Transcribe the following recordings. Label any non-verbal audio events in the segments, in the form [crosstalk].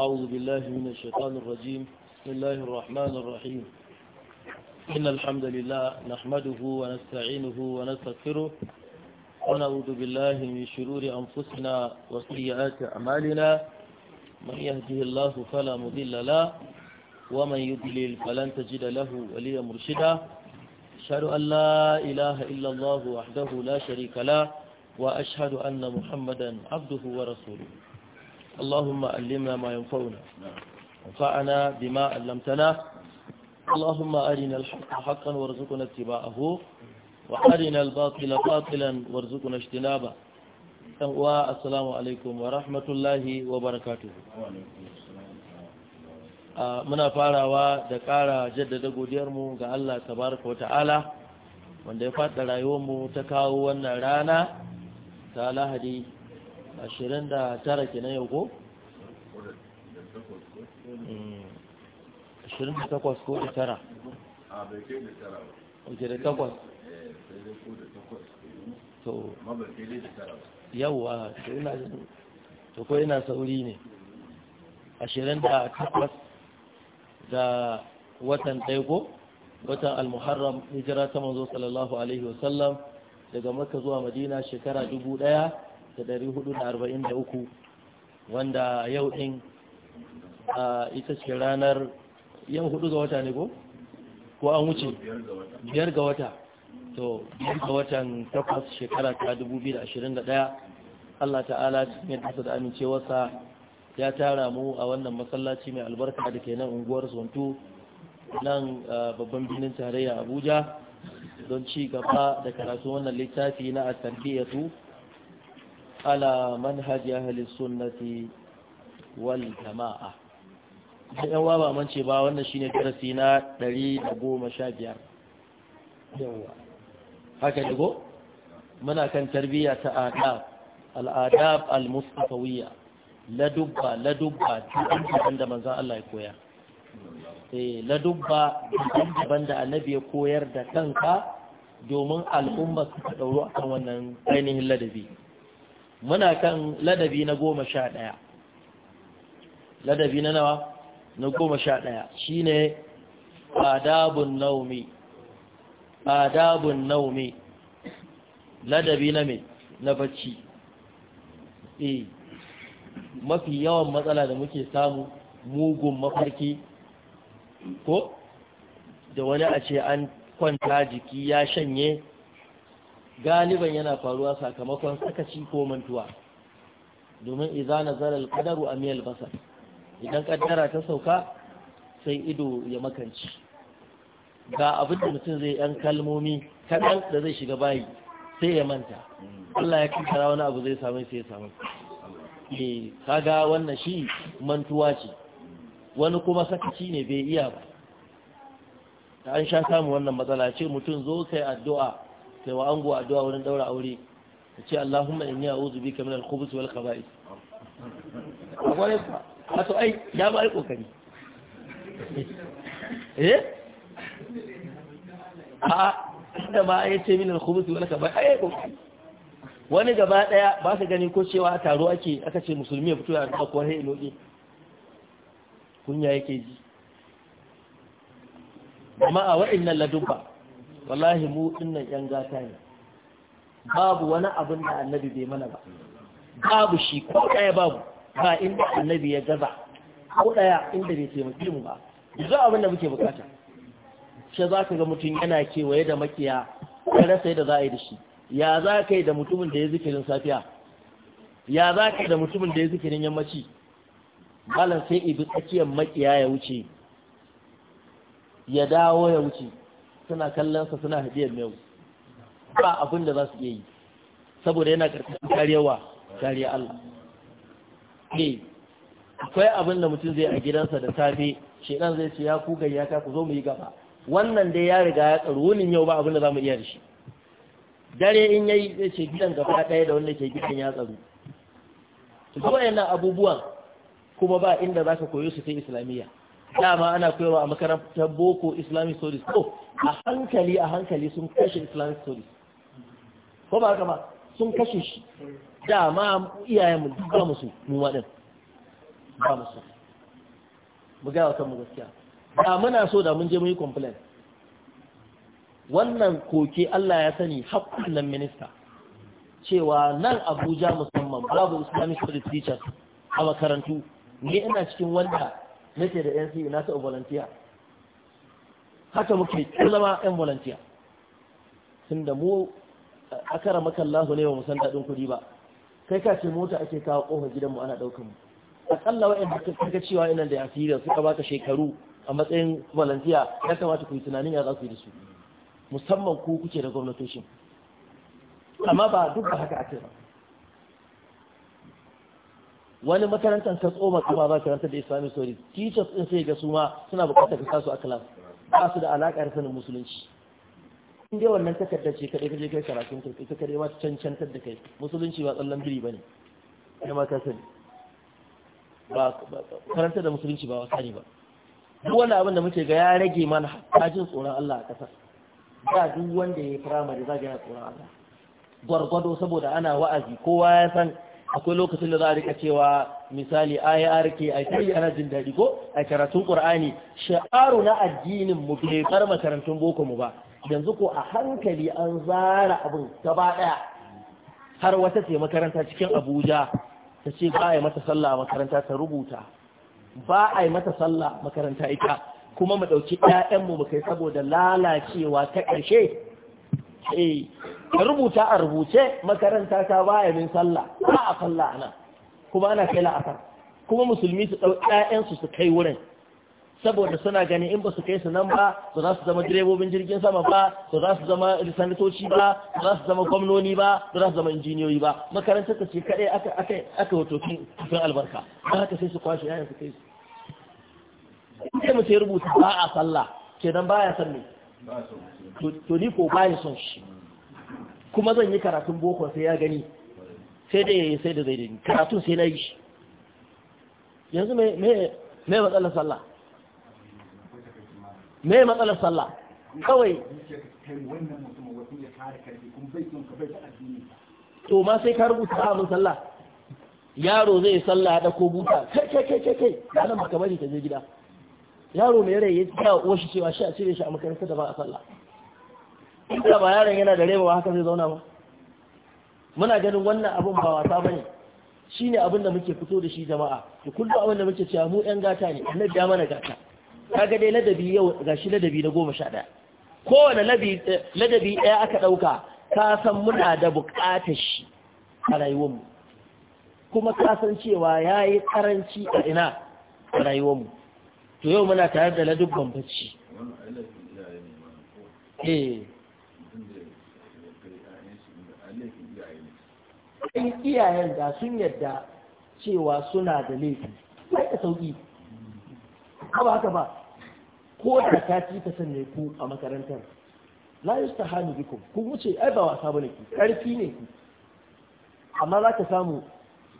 أعوذ بالله من الشيطان الرجيم بسم الله الرحمن الرحيم إن الحمد لله نحمده ونستعينه ونستغفره ونعوذ بالله من شرور أنفسنا وسيئات أعمالنا من يهده الله فلا مضل له ومن يضلل فلن تجد له وليا مرشدا أشهد أن لا إله إلا الله وحده لا شريك له وأشهد أن محمدا عبده ورسوله اللهم علمنا ما ينفعنا وانفعنا بما علمتنا اللهم أرنا الحق حقا وارزقنا اتباعه وأرنا الباطل باطلا وارزقنا اجتنابه والسلام عليكم ورحمة الله وبركاته muna farawa da ƙara jaddada godiyarmu ga Allah tabaraka wa ta'ala wanda ya faɗa rayuwarmu ta kawo wannan rana ta lahadi ashirin da tara ke nan yau ko? ashirin da takwas ko da tara? a bai da tara ba oke da takwas? Eh, to yawwa to ina to ko yana sauri ne ashirin da takwas da watan ɗaya ko watan almuharram hijira ta manzo sallallahu alaihi wasallam daga maka zuwa madina shekara dubu ɗaya uku, wanda yau ɗin ita ce ranar yau hudu ga wata ne ko? ko an wuce biyar ga wata to biyar ga watan takwas shekara ta ɗaya, Allah ta'ala cikin yadda da amincewarsa ya tara mu a wannan masallaci mai albarka da ke nan unguwar zonto nan babban birnin tarayya abuja don ci gaba da karatu wannan littafi na a tarbiyyatu على منهج أهل السنة والجماعة yan wa ba شي ba wannan shine darasi na 115 yawa haka digo muna kan tarbiyya ta adab al-adab al-mustafawiyya ladubba dubba daban da manzon Allah ya koya eh ladubba daban da annabi ya koyar da kanka domin al'umma su dauro akan wannan ainihin ladabi muna kan ladabi na goma sha ɗaya ladabi na nawa na goma sha ɗaya shi ne adabun naumi adabun naumi ladabi na mai na bacci e mafi yawan matsala da muke samu mugun mafarki ko da wani a ce an kwanta jiki ya shanye galiban yana faruwa sakamakon sakaci ko mantuwa domin zarar kadaru a miyar basar idan kaddara ta sauka sai ido ya makanci ga abin da mutum zai yan kalmomi kaɗan da zai shiga bayi sai ya manta Allah ya kankara wani abu zai samu sai ya samu ne eh, kaga wannan shi mantuwa ce wani kuma sakaci ne bai iya ba an sha samu wannan matsala ce mutum zo kai addu'a sai wa ango addu'a wurin daura aure ta ce Allahumma inni a'udhu bika min al-khubuth wal khaba'ith akwai ka wato ai ya ba ai kokari eh a da ba ai ce min al-khubuth wal khaba'ith ai kokari wani gaba daya ba ka gani ko cewa taro ake aka ce musulmi ya fito ya rubuta ko hai loke kunya yake ji amma a wa'annan ladubba wallahi mu dinnan yan gata ne babu wani abin da annabi bai mana ba babu shi ko daya babu ba inda annabi ya gaza ko daya inda bai taimake mu ba yanzu abin da muke bukata shi za ka ga mutum yana kewaye da makiya ka rasa yadda za a yi da shi ya za ka yi da mutumin da ya zikirin safiya ya za ka yi da mutumin da ya zikirin yammaci malam sai ibi tsakiyar makiya ya wuce ya dawo ya wuce suna kallon sa suna hadiyar mewu ba abin da za su yi saboda yana karkashin karewa kariya Allah ne akwai abin da mutum zai a gidansa da safe shedan zai ce ya ku ya ka ku zo mu yi gaba wannan dai ya riga ya tsaro wunin yau ba abin da za mu iya da shi dare in yayi zai ce gidan gaba ɗaya da wanda ke gidan ya tsaro to yana abubuwan kuma ba inda zaka koyo su sai islamiyya dama ana koyarwa a makarantar boko islamic studies ko oh, a hankali a hankali sun kashe islamic studies ko ba haka ba sun kashe shi dama iyayenmu ba musu mu waɗin ba musu mu gaya wa mu gaskiya ba muna so da mun je mun yi complain wannan koke Allah ya sani hakkunan minista cewa nan Abuja musamman babu Islamic studies teachers a makarantu ne ina cikin wanda nake da NCU na ta volunteer haka muke zama yan volunteer tunda mu akara Allahu ne ba mu san dadin kudi ba kai ka ce mota ake kawo gidan gidanmu ana daukar mu akalla ka kaga cewa yana da asiri suka baka shekaru a matsayin volunteer ya kamata ku yi tunanin ya za ku yi da su musamman ku kuke da gwamnatocin amma ba duk ba haka ake ba wani makarantar ta tsoma za ba karanta da islamic story teachers din sai ga su ma suna bukatar ka kasu a class ba su da alaƙar sanin musulunci in dai wannan takardar ce kaɗai kaje kai karatun kai ita kaɗai ma cancantar da kai musulunci ba tsallan biri ne ya ma ka ba karanta da musulunci ba wasa ne ba duk wani abin da muke ga ya rage mana hajjin tsoron Allah a ƙasar ba duk wanda ya yi firamare za ga yana tsoron Allah gwargwado saboda ana wa'azi kowa ya san akwai lokacin da za a rika cewa misali IRK ai kai ana jin daɗi ko ai karatun Ƙur'ani, sha'aru na addinin mu bai bar makarantun boko mu ba yanzu ko a hankali an zara abin gaba ɗaya. har wata ce makaranta cikin Abuja ta ce ba a yi mata sallah makaranta ta rubuta ba a yi mata sallah makaranta ita kuma mu ɗauki ‘ya'yanmu mu kai saboda lalacewa ta ƙarshe eh, ka rubuta a rubuce makaranta ta baya min sallah ba a sallah ana kuma ana kai la'asar kuma musulmi su ɗau ƴaƴansu su kai wurin saboda suna gani in ba su kai su nan ba su za su zama direbobin jirgin sama ba su za su zama sanatoci ba su za su zama gwamnoni ba su za su zama injiniyoyi ba makaranta ta ce kaɗai aka aka aka wato kin albarka don haka sai su kwashe yayin su kai su sai mu sai rubuta ba a sallah kenan baya san ne to ni ko baya son shi kuma zan yi karatun boko sai ya gani sai da yayi sai da zai dani karatun sai na yi shi yanzu me matsalar sallah me matsalar sallah kawai to ma sai ka rubuta abin sallah yaro zai sallah da ko buta kai kai kai kai kai nan baka bari ka je gida yaro mai rai ya kawo shi cewa shi a cire shi a makarantar da ba a sallah inda ba yaron yana da rewa haka zai zauna ba muna ganin wannan abun ba wasa bane shine abin da muke fito da shi jama'a to kullu abin da muke cewa mu yan gata ne annabi ya mana gata kaga dai ladabi yau gashi ladabi na goma sha ɗaya kowane eh, ladabi ɗaya aka ɗauka ka san muna da buƙatar shi a rayuwarmu kuma ka san cewa ya yi ƙaranci a ina a rayuwarmu to yau muna tare da ladubban bacci eh in iyayen da sun yadda cewa suna da laifi sai da sauki ba haka ba ko da ta ci ta ku a makarantar la yustahanu bikum ku wuce ai ba wasa bane ki karfi ne ku amma za ka samu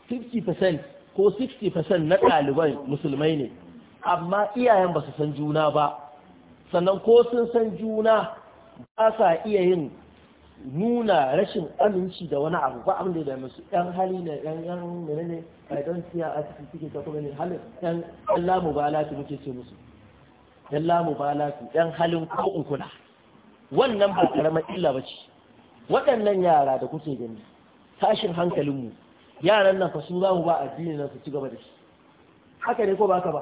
50% ko 60% na ɗaliban musulmai ne amma iyayen ba su san juna ba sannan ko sun san juna ba sa iya yin nuna rashin aminci da wani abu ba abin da da musu yan hali ne yan yan menene a don't see a suke ta kuma ne halin yan yan lamu balatu muke ce musu yan lamu balatu yan halin ko in kula wannan ba karamar illa ba ce waɗannan yara da kuke gani tashin hankalinmu yaran nan fa su za mu ba addini nan su ci gaba da shi haka ne ko ba ka ba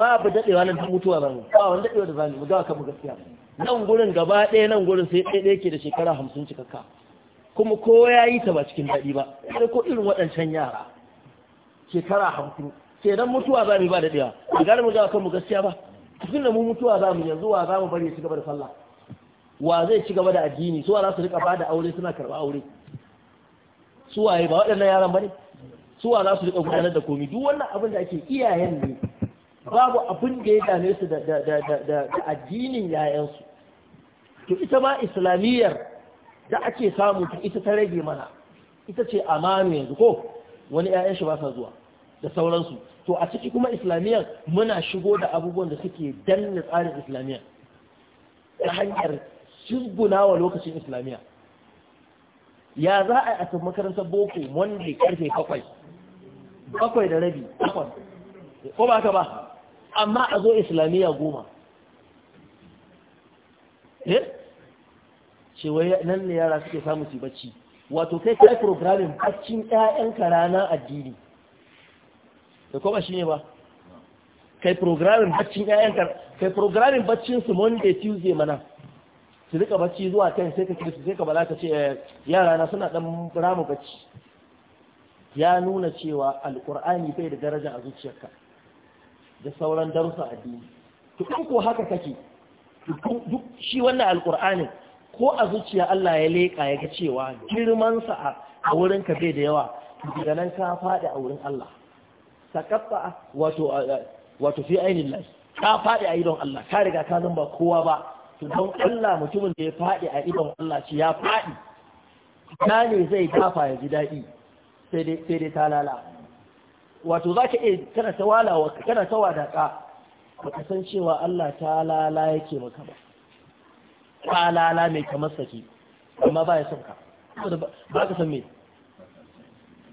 babu daɗewa nan ta mutuwa ba mu ba wani daɗewa da za mu ga kanmu gaskiya nan gurin gaba ɗaya nan gurin sai ɗaya ɗaya ke da shekara hamsin cikakka kuma ko ya yi ta ba cikin daɗi ba sai ko irin waɗancan yara shekara hamsin sai nan mutuwa za mu ba da ɗaya a gane mu ga kan mu gaskiya ba tun da mu mutuwa za mu yanzu wa za mu bari ci gaba da sallah wa zai ci gaba da addini su wa za su rika ba da aure suna karɓa aure su waye ba waɗannan yaran ba ne su wa za su rika gudanar da komi duk wannan abin da ake iyayen ne babu abin da ya dame su da addinin yayansu to ita ma islamiyyar da ake samu ta ita ta rage mana ita ce amanu yanzu ko wani 'ya'yan shi ba sa zuwa da sauransu to a ciki kuma islamiyyar muna shigo da abubuwan da suke danna tsarin islamiyyar ta hanyar shiguna wa lokacin islamiyar. ya za a yi a makarantar boko wanda karfe bakwai bakwai da rabi takwas ko ba ka ba amma a zo islamiyya goma eh? ce wai nan ne yara suke samu su bacci wato kai kai programming baccin ka ranar addini da kuma shine ba kai programming baccin ka kai programming baccin su Monday Tuesday mana su rika bacci zuwa kan sai ka kira su sai ka bala ka ce eh, yara na suna dan ramu bacci ya nuna cewa alqur'ani bai da daraja a zuciyarka da sauran darussa addini to ko haka kake duk shi wannan alqur'anin ko a zuciya Allah ya leƙa ya ga cewa girmansa a wurin ka bai da yawa daga nan ka faɗi a wurin Allah sakaffa wato wato fi ainihin lai ka faɗi a idon Allah ka riga ka zan ba kowa ba to don Allah mutumin da ya faɗi a idon Allah ce ya faɗi ta ne zai dafa ya ji daɗi sai dai ta lala wato za ka iya kana ta walawa kana ta ba ka san cewa Allah ta lala yake maka ba kwalala mai kamar saki amma ba ya son ka ba ka san me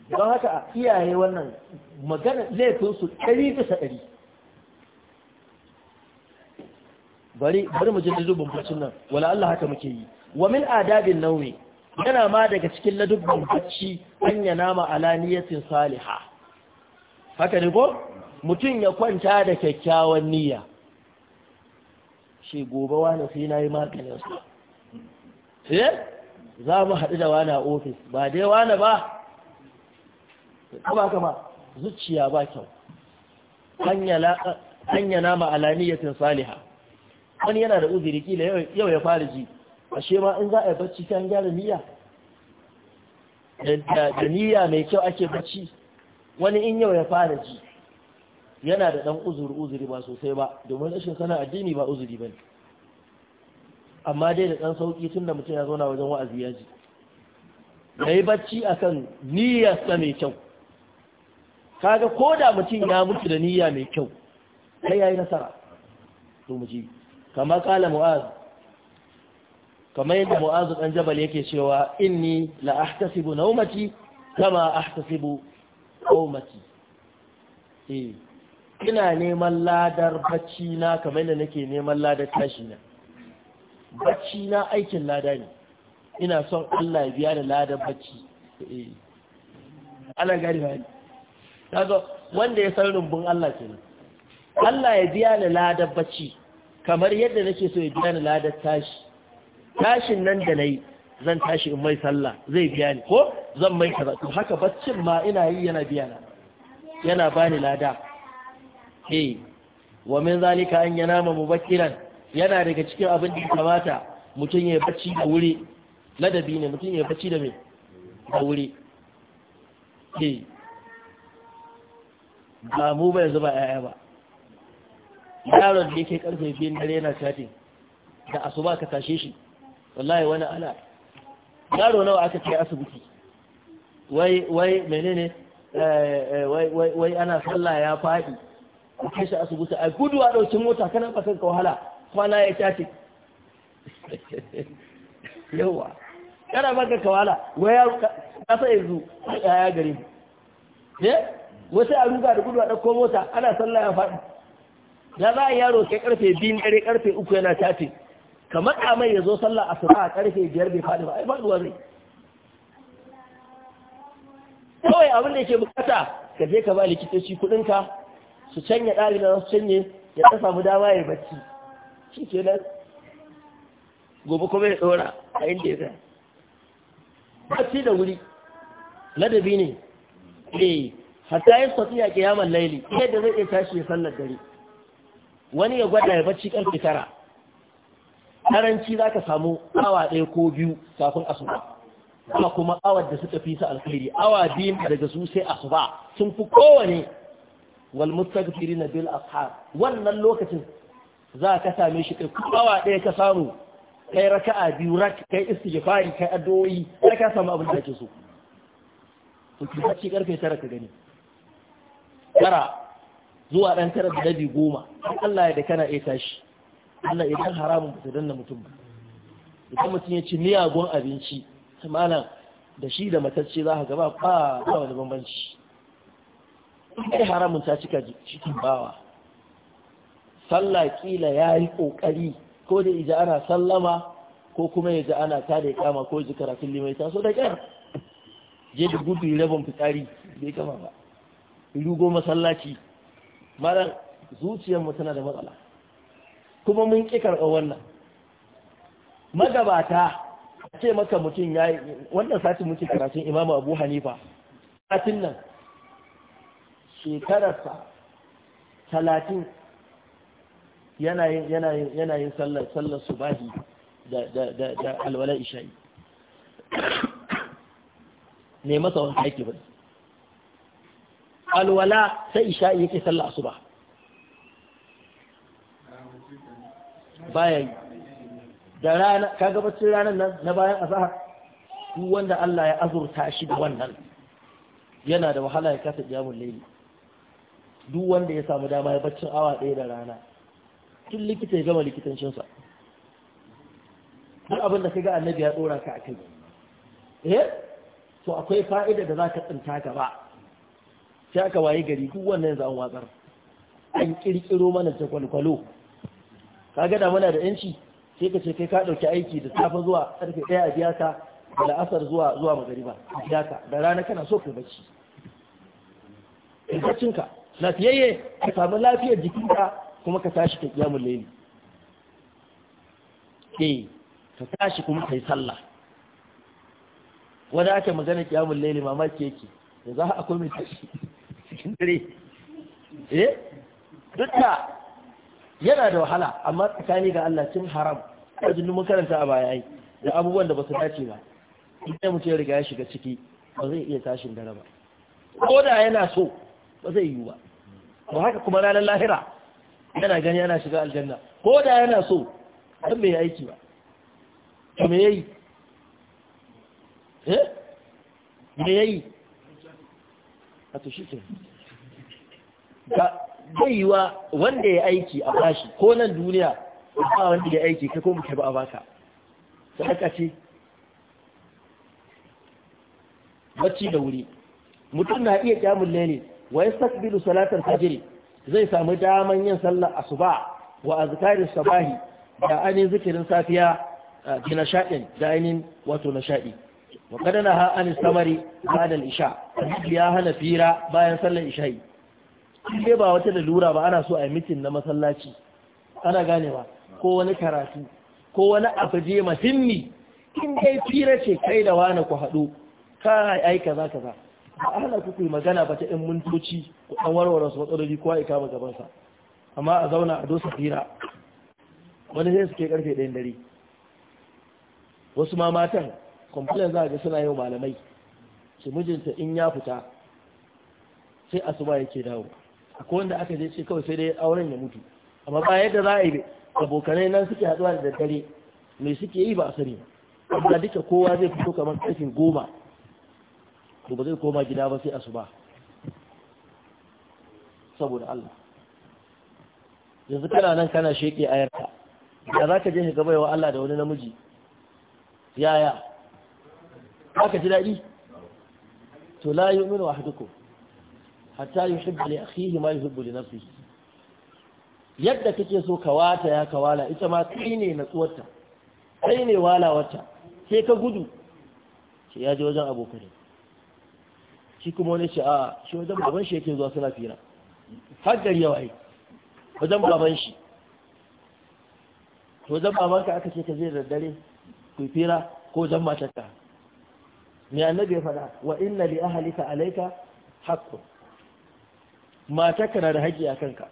don haka a iyaye wannan magana laifinsu ɗari bisa ɗari bari bari mu ji dubban bacin nan wala Allah haka muke yi wa min adabin nawi yana ma daga cikin ladubban bacci an ya nama alaniyatin niyatin salihah haka ne ko mutum ya kwanta da kyakkyawan niyya shi gobe wani sai na yi maganin su sai eh? za mu haɗu da wani a ofis ba dai wani ba kama kama zuciya ba kyau hanya nama alaniyatin saliha wani yana da uziri kila yau ya fara ji ashe ma in za a yi bacci kan gyara niyya da niyya mai kyau ake bacci wani in yau ya fara ji yana da ɗan uzuri uzuri ba sosai ba domin rashin sana addini ba uzuri ba ne amma dai da ɗan sauƙi tun da mutum ya zauna wajen wa'azi ya ji ya yi bacci a kan niyyarsa mai kyau kaga ko da mutum ya mutu da niyya mai kyau kai ya yi nasara to mu ji kala mu'az kamar yadda mu'az ɗan jabal yake cewa inni la ahtasibu naumati kama ahtasibu qaumati eh ina neman ladar bacci na kamar yadda nake neman ladar tashi na bacci na aikin lada ne ina son Allah ya biya da ladar bacci eh. Allah gari ba ne kaga wanda ya san rumbun Allah kenan Allah ya biya da ladar bacci kamar yadda nake so ya biya da ladar tashi tashin nan da nayi zan tashi in mai sallah zai biya ni ko zan mai kaza to haka baccin ma ina yi yana biya na yana bani lada he wa min zalika an yanama mubakkiran yana daga cikin abin da kamata mutum ya bacci da wuri ladabi ne mutum ya bacci da me da wuri he ba mu bai zuba ba yaya ba yaron da yake karfe biyun dare yana chatting da asuba ka tashe shi wallahi wani ana yaro nawa aka kai asibiti wai wai menene eh, eh, wai wai ana sallah ya faɗi a kai shi asibiti a guduwa a ɗauki mota kana ba kanka wahala kwana ya tashi [laughs] yawa kana ba kanka wahala waya kasa yanzu a yaya gari ne eh? wasu a ruga da guduwa ɗauko mota ana sallah ya faɗi ya za a yaro kai karfe biyu dare karfe uku yana tashi kamar a mai ya zo sallah asuba a karfe biyar bai faɗi ba ai faɗuwa zai kawai abin da ke bukata ka je ka ba likitoci kuɗinka su canye ɗari na su canye ya ta samu dama ya bacci shi ke nan gobe kuma ya tsora a inda ya bacci da wuri ladabi ne eh hatta yin sati a kiyaman laili yadda zai iya tashi ya sallar dare wani ya gwada ya bacci karfe tara karanci za ka samu awa ɗaya ko biyu kafin asuba kuma kuma awar da suka fi su alkhairi awa biyu daga su sai asuba sun fi kowane wal na bil ashab wannan lokacin za ka same shi kai kowa ɗaya ka samu kai raka'a biyu rak kai istighfari kai addu'o'i kai ka samu abin da kake so to ki bacci karfe tara ka gani tara zuwa dan tara da dabi goma Allah ya da kana iya tashi Allah idan haramun ba ta danna mutum ba idan mutum ya ci miyagun abinci malam da shi da matacce za ka gaba ba wani bambanci sai haramun ta cika cikin bawa sallah kila ya yi ƙoƙari ko da ija ana sallama ko kuma ya ji ana ta da kama ko ji karatun limai ta so da ƙyar je da gudu rabin fitsari bai kama ba rugo masallaci mara zuciyar mu tana da matsala kuma mun ƙi karɓar wannan magabata ce maka mutum ya yi wannan satin muke karatun imamu abu hanifa satin nan shekararsa talatin yanayin sallar subahi da alwala isha'i ne [coughs] masa wani aiki ba alwala ta isha'i yake sallar asuba baya yi da rana ka bacin ranar nan na bayan azahar duk wanda Allah ya azurta shi da wannan yana da wahala ya kasa jamun laili duk wanda ya samu dama ya baccin awa ɗaya da rana tun likita ya gama likitancinsa duk abin da ka ga annabi ya ɗora ka a kai eh to akwai fa'ida da za ka tsinta gaba sai aka waye gari duk wannan yanzu an watsar an ƙirƙiro mana ta kwalkwalo ka ga da muna da yanci sai ka ce kai ka ɗauki aiki da safe zuwa ƙarfe ɗaya a biya ka da la'asar zuwa zuwa magariba a biya ka da rana kana so ka bacci ka lafiyayye ka samu lafiyar jikinka kuma ka tashi ka kiyamun laili ke eh, ka tashi kuma ka yi sallah wadda aka magana kiyamun laili mamaki yake da za a akwai mai tashi cikin dare eh duk da yana da wahala amma tsakani ga Allah cin haram a mun karanta a baya da abubuwan da ba su dace ba idan mutum ya riga ya shiga ciki ba zai iya tashin dare ba ko da yana so ba zai yi ba ba haka kuma ranar lahira yana gani yana shiga aljanna ko da yana so har mai aiki ba to me yayi eh me yayi a to shi ke ga baiwa wanda ya aiki a bashi ko nan duniya ba wanda ya aiki kai ko muke ba a baka sadaka ce bacci da wuri mutum na iya kyamun lele wa yastaqbilu salatar fajr zai samu daman yin sallar asuba wa azkarin sabahi da ainihin zikirin safiya bi nashadin da ainihin wato nashadi wa qadana ha an samari ba'da al-isha ya hana fira bayan sallar isha'i sai ba wata lura ba ana so a yi mitin na masallaci ana ganewa ko wani karatu ko wani abu je muhimmi in dai fira ce kai da wani ku haɗu ka ai kaza kaza ba ana ku magana ba ta 'yan mintoci ko an warware su matsaloli kowa ya kama gabansa amma a zauna a dosa fira wani sai suke karfe ɗayan dare wasu mamatan matan za a ga suna yau malamai su mijinta in ya fita sai asuba yake dawo akwai wanda aka je ce kawai sai dai auren ya mutu amma ba yadda za a yi abokanai nan suke haɗuwa da daddare mai suke yi ba a sani amma duka kowa zai fito kamar ƙarfin goma to ba zai koma gida ba sai asuba saboda Allah yanzu kana nan kana sheke ayarka Ya za ka je ka gaba wa Allah da wani namiji yaya ka ji daɗi to la yi umaru ko. hatta ne a akhihi ma yuhibbu na nafsihi yadda kake so ka wata ya kawala ita ma kai ne natsuwarta kai ne walawarta sai ka gudu sai ya ji wajen abokanai shi kuma wani shi a shi wajen baban shi yake zuwa suna fira har gari yawa yi wajen baban shi to wajen baban ka aka ce ka zai daddare ku fira ko wajen matarka mai annabi ya faɗa wa inna li ahalika alaika Matar ka na da haƙƙi a kanka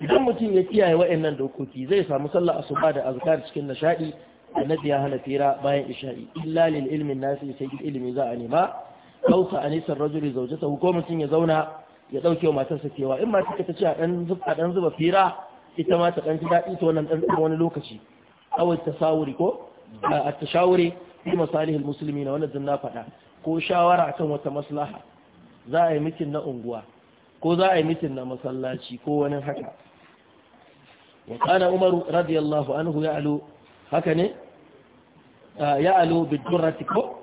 idan mutum ya kiyaye wa'annan dokoki zai samu sallah asuba da azkar cikin nishadi annabi ya hana fira bayan isha'i illa lil ilmin nasi sai ilmi za a nema ɗauka a nisan rajuli zaujata ko mutum ya zauna ya ɗauke wa matarsa cewa in ma ta ci a ɗan zuba fira ita ma ta ɗan ji daɗi ta wannan ɗan wani lokaci kawai ta tasawuri ko a tashawuri fi masalihil musulmi na wannan na faɗa ko shawara kan wata maslaha za a yi mitin na unguwa ko za a yi mitin na masallaci ko wani haka wa kana umaru radiyallahu anhu ya ya'alu haka ne Ya ya'alu bidurrati ko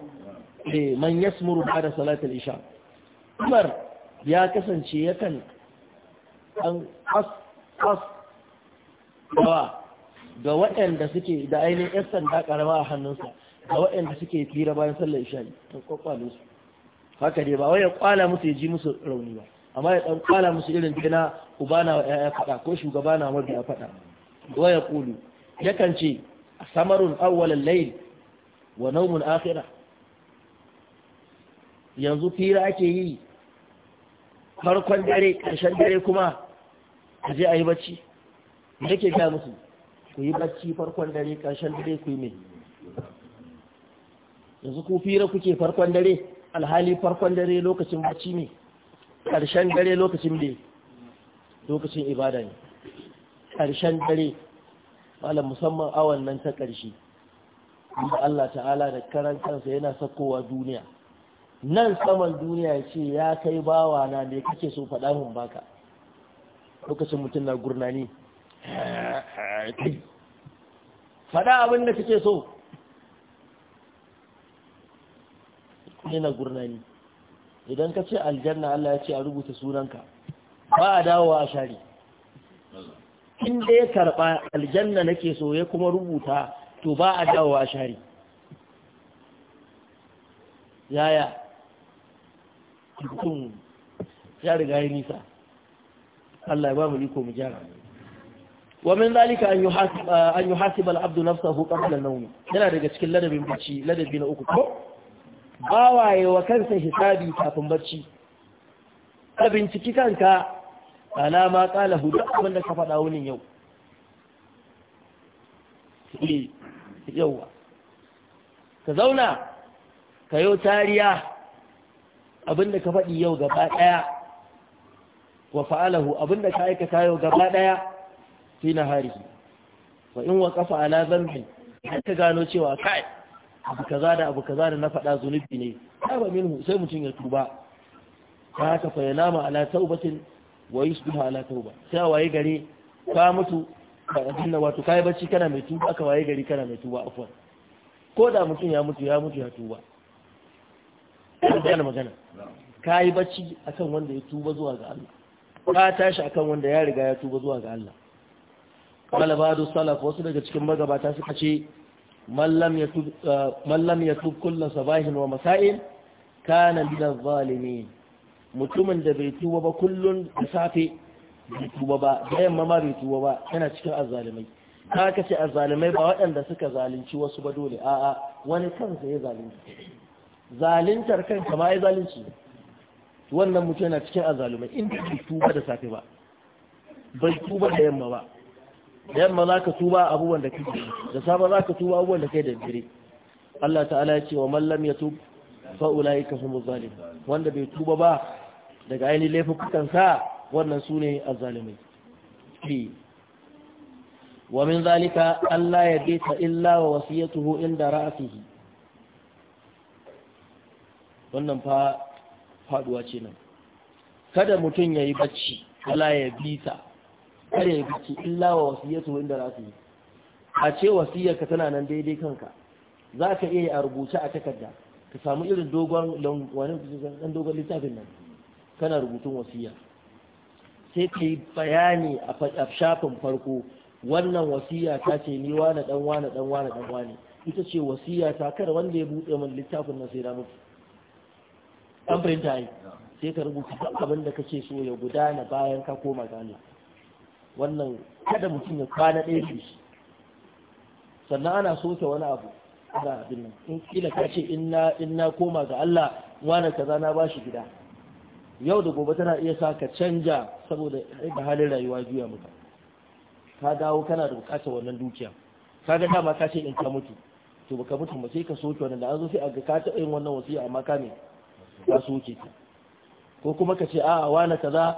Eh, man yasmuru ba'da salatul isha Umar ya kasance yakan an as as ba ga waɗanda suke da ainihin yan sanda karama a hannunsa ga waɗanda suke tira bayan sallar isha ta kwakwalo su haka dai ba wai ya kwala musu ya ji musu rauni ba amma ya dan kwala musu irin dina ubana wa yaya faɗa ko shugaba na ya faɗa wai ya kulu yakan ce samarun awwalal layl wa nawmun akhirah yanzu fira ake yi farkon dare ƙarshen dare kuma a je a yi bacci da ke ga musu ku yi bacci farkon dare ƙarshen dare ku yi mai yanzu ku fira kuke farkon dare alhali farkon dare lokacin bacci ne ƙarshen dare lokacin da lokacin ibada ne ƙarshen dare malam musamman awan nan ta ƙarshe inda Allah ta'ala da karan kansa yana sakowa duniya nan saman duniya ce ya kai bawa na ne kake so faɗa mun baka lokacin mutum na gurnani faɗa abin da kake so ne na gurnani idan ka ce aljanna Allah ya ce a rubuta sunanka ba a dawowa a shari inda ya karɓa aljanna nake so ya kuma rubuta to ba a dawowa a shari yaya mutum ya riga ya nisa Allah ya ba mu iko mu gyara wa min zalika an yuhasib an yuhasib al-abdu nafsahu qabla an-nawm yana daga cikin ladabin bacci ladabi na uku ko bawaye wa kansa hisabi kafin bacci ka binciki kanka ala ma qala hu duk abin da ka faɗa wunin yau eh, yawa ka zauna ka yau tariya Abin da ka faɗi yau gaba ɗaya wa fa'alahu da ka aikata yau gaba ɗaya fi naharihi wa in wa ƙafa ala zambi har ka gano cewa kai abu kaza da abu kaza da na faɗa zunubi ne ba minhu sai mutum ya tuba ta haka fa nama ala taubatin wa yusbihu ala tauba sai waye gare ka mutu ba abinda wato yi bacci kana mai tuba aka waye gari kana mai tuba afwan ko da mutum ya mutu ya mutu ya tuba an magana ka yi bacci akan wanda ya tuba zuwa ga Allah ka tashi akan wanda ya riga ya tuba zuwa ga Allah kala badu salaf wasu daga cikin magabata suka ce mallam ya uh, tub kullum sabahin wa masa'in kana min zalimin mutumin da bai tuba ba kullun da safe bai tuba ba da yamma ma bai tuba ba yana cikin azzalimai ka kace azzalimai ba waɗanda suka zalunci wasu ba dole a'a wani kansa ya zalunci zalintar kanka ba ya zalunci wannan mutum yana cikin azalumai in da tuba da safe ba bai tuba da yamma ba da yamma za ka tuba abubuwan da kai da safe za ka tuba abubuwan da kai da dare Allah ta'ala ya ce wa man lam yatub fa ulaika humuz zalim wanda bai tuba ba daga ainihin laifukan sa wannan sune ne wa min zalika Allah ya bita illa wa wasiyatuhu inda ra'atihi wannan fa faduwa ce nan kada mutum ya yi bacci ala ya bi ta kada ya bacci illa wa wasiyatu inda za su yi a ce wasiyarka tana nan daidai kanka za ka iya a rubuce a takarda ka samu irin dogon wani dan dogon littafin nan kana rubutun wasiya sai ka yi bayani a shafin farko wannan wasiya ta ce ni wane dan wane dan wane dan wane ita ce wasiya ta kar wanda ya buɗe min littafin nan sai na mutu an fahimta yi sai ka rubuta duk abin da kake so ya gudana bayan ka koma gane wannan kada mutum ya kwana ɗaya da shi sannan ana soke wani abu ana abin nan in kila ka ce in na koma ga Allah wani kaza na ba shi gida yau da gobe tana iya sa ka canja saboda da halin rayuwa juya maka ka dawo kana da bukatar wannan dukiya ka ga dama ka ce in ka mutu to baka mutu ba sai ka soke wannan da an zo sai a ga ka taɓa yin wannan wasiya amma ka ne ba su wuce ta ko kuma ka ce a wani kaza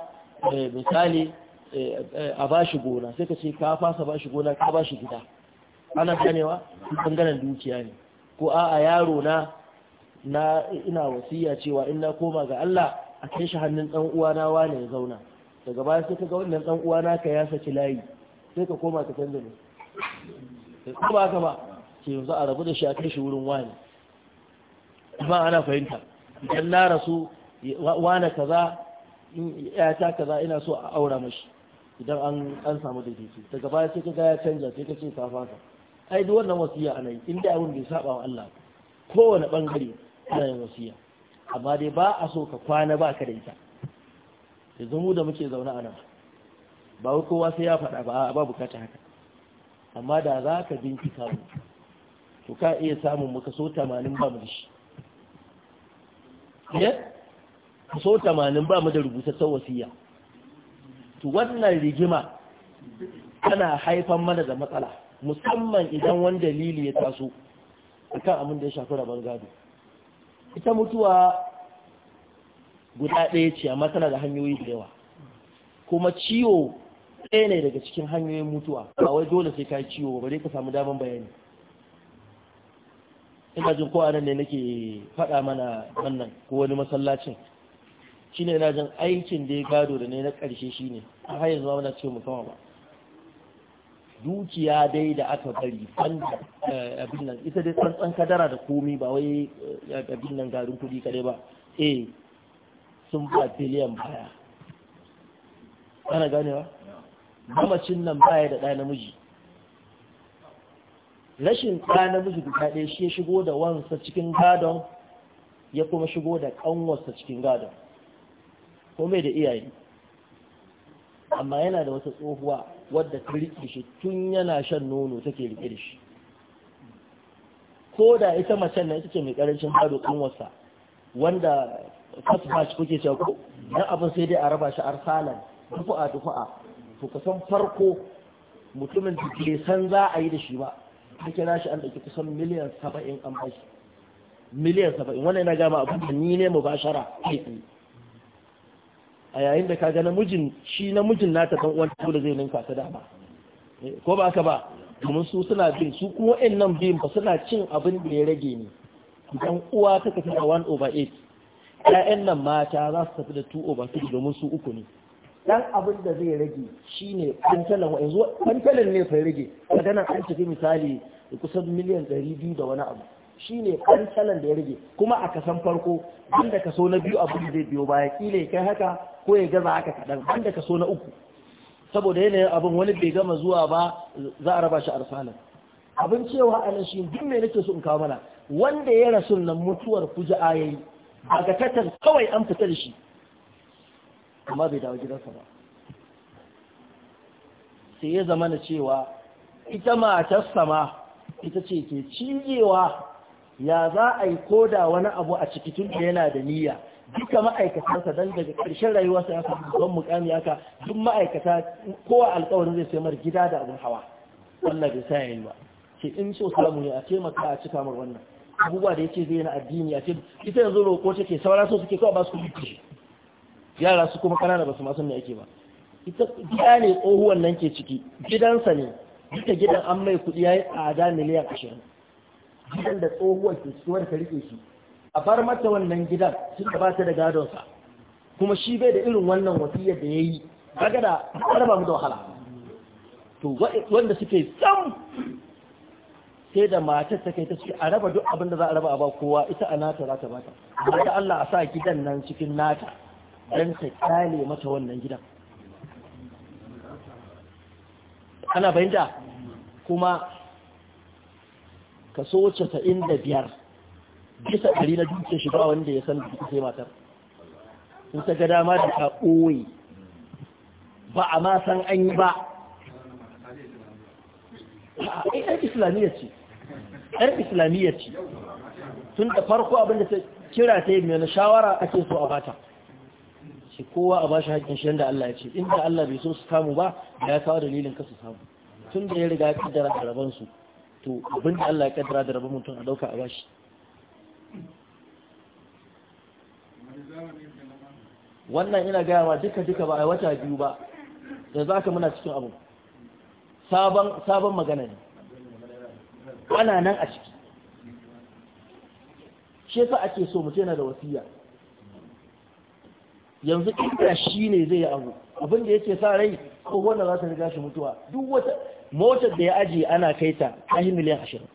eh, misali eh, a bashi gona sai ka ce ka fasa bashi gona ka bashi gida ana ganewa bangaren dukiya ne ko a a yaro na ina wasiya cewa in na koma ga Allah a kai shi hannun dan uwana wane ya zauna daga baya sai ka ga wannan dan uwana ka ya saki layi sai ka koma ka canza ne ka ba ka ba ce yanzu a rabu da shi a kai shi wurin wani ba ana fahimta idan na rasu wane kaza in ta kaza ina so a aura mashi idan an samu da jiki daga baya sai kaga gaya canja sai kace ka fasa ai duk wannan wasiya ana yi inda abin bai saba wa Allah kowane bangare ana yin wasiya amma dai ba a so ka kwana ba ka da ita yanzu mu da muke zaune a nan ba kowa sai ya faɗa ba a babu kata haka amma da za ka bincika mu to ka iya samun muka so 80 ba mu da shi ne kaso 80 ba mu da rubutattun wasiya to wannan rigima tana haifan mana da matsala musamman idan wani dalili ya taso akan abin da ya shafi rabon gado ita mutuwa guda ɗaya ce amma tana da hanyoyi da yawa kuma ciwo ɗaya ne daga cikin hanyoyin mutuwa ba wai dole sai ka yi ciwo ba dai ka samu daman bayani ina jin ko anan ne nake faɗa mana wannan ko wani masallacin shine ina jin aikin da ya gado da ne na ƙarshe shine a har yanzu ce mu kama ba dukiya dai da aka bari ban eh, abin nan ita dai tsantsan kadara da komi ba wai eh, abin nan garin kuɗi kadai ba eh sun ba biliyan baya ana ganewa mamacin nan baya da ɗa namiji rashin ɗa namiji guda ɗaya shi ya shigo da wansa cikin gadon ya kuma shigo da ƙanwarsa cikin gadon ko mai da iyaye amma yana da wata tsohuwa wadda ta riƙe shi tun yana shan nono take riƙe da shi ko da ita macen na ita ce mai ƙarancin gado ƙanwarsa wanda first shi kuke cewa ko dan abin sai dai a raba shi arsalan dufu'a dufu'a to kasan farko mutumin da ke san za a yi da shi ba ta kira shi an ɗauki kusan miliyan saba'in an bashi miliyan saba'in wannan yana gama abu. da ni ne mu bashara aiki a yayin da ka ga namijin shi namijin nata kan uwan ta da zai ninka ta dama eh, ko ba haka ba domin su suna bin su kuma nan bin ba suna cin abin da ya rage ni. dan uwa ta tafi da 1 over 8 ƴaƴan nan mata za su tafi da 2 over 3 domin su uku ne dan abin da zai rage shine kantalan yanzu kantalan ne sai rage magana an ci misali kusan miliyan 200 da wani abu shine kantalan da ya rage kuma a kasan farko banda kaso na biyu abin da zai biyo baya kila ya kai haka ko ya gaza haka kadan banda kaso na uku saboda yanayin abin wani bai gama zuwa ba za a raba shi arsalan abin cewa a nan shi duk me nake so in kawo mana wanda ya rasu nan mutuwar fuja'a yayi a ga kawai an fita da shi amma bai dawo gidansa ba sai ya zama na cewa ita matarsa ma ita ce ke cijewa ya za a yi koda wani abu a cikin da yana da niyya duka ma'aikatarsa don daga ƙarshen rayuwarsa ya samu babban mukami haka duk ma'aikata kowa alkawarin zai sai mar gida da abin hawa wannan bai sa yayi ba ke in so samu ne a taimaka a cika mar wannan abubuwa da yake zai na addini a ce ita yanzu roƙo take sauran so suke kawai ba su kuɗi yara su kuma kanana ba su masu ne ake ba ita gida ne tsohuwan nan ke ciki gidansa ne duka gidan an mai kuɗi ya yi tsada miliyan ashirin gidan da tsohuwar ke ciki wanda ta rike shi a bar mata wannan gidan su ba ta da gadonsa kuma shi bai da irin wannan wasiyar da ya yi kaga da ba mu da wahala to wanda suke sam sai da matar ta kai ta ce a raba duk abin da za a raba a ba kowa ita a nata za ta bata ba ta Allah a sa gidan nan cikin nata don ta kyale mata wannan gidan ana bayanta kuma kaso casa'in da biyar bisa ɗari na duke shiga wanda ya san da sai matar in ta ga dama da ta ɓoye ba a ma san an yi ba ai ɗan islamiyyar ce ɗan islamiyyar ce tun da farko abinda ta kira ta yi mai shawara ake so a bata ce kowa a bashi haƙƙin shi yadda Allah ya ce inda Allah bai so su samu ba ya kawo dalilin ka su samu tun da ya riga ya kaddara da rabon su to abin da Allah ya kaddara da rabon mutum a dauka a bashi wannan ina gaya ma duka duka ba a wata biyu ba da za ka muna cikin abu sabon magana ne ana nan a ciki shi yasa ake so mutum yana da wasiya yanzu inda shi ne zai abu abin da yake sa rai ko wanda za ta riga shi mutuwa duk wata motar da ya aji ana kai ta kashi miliyan ashirin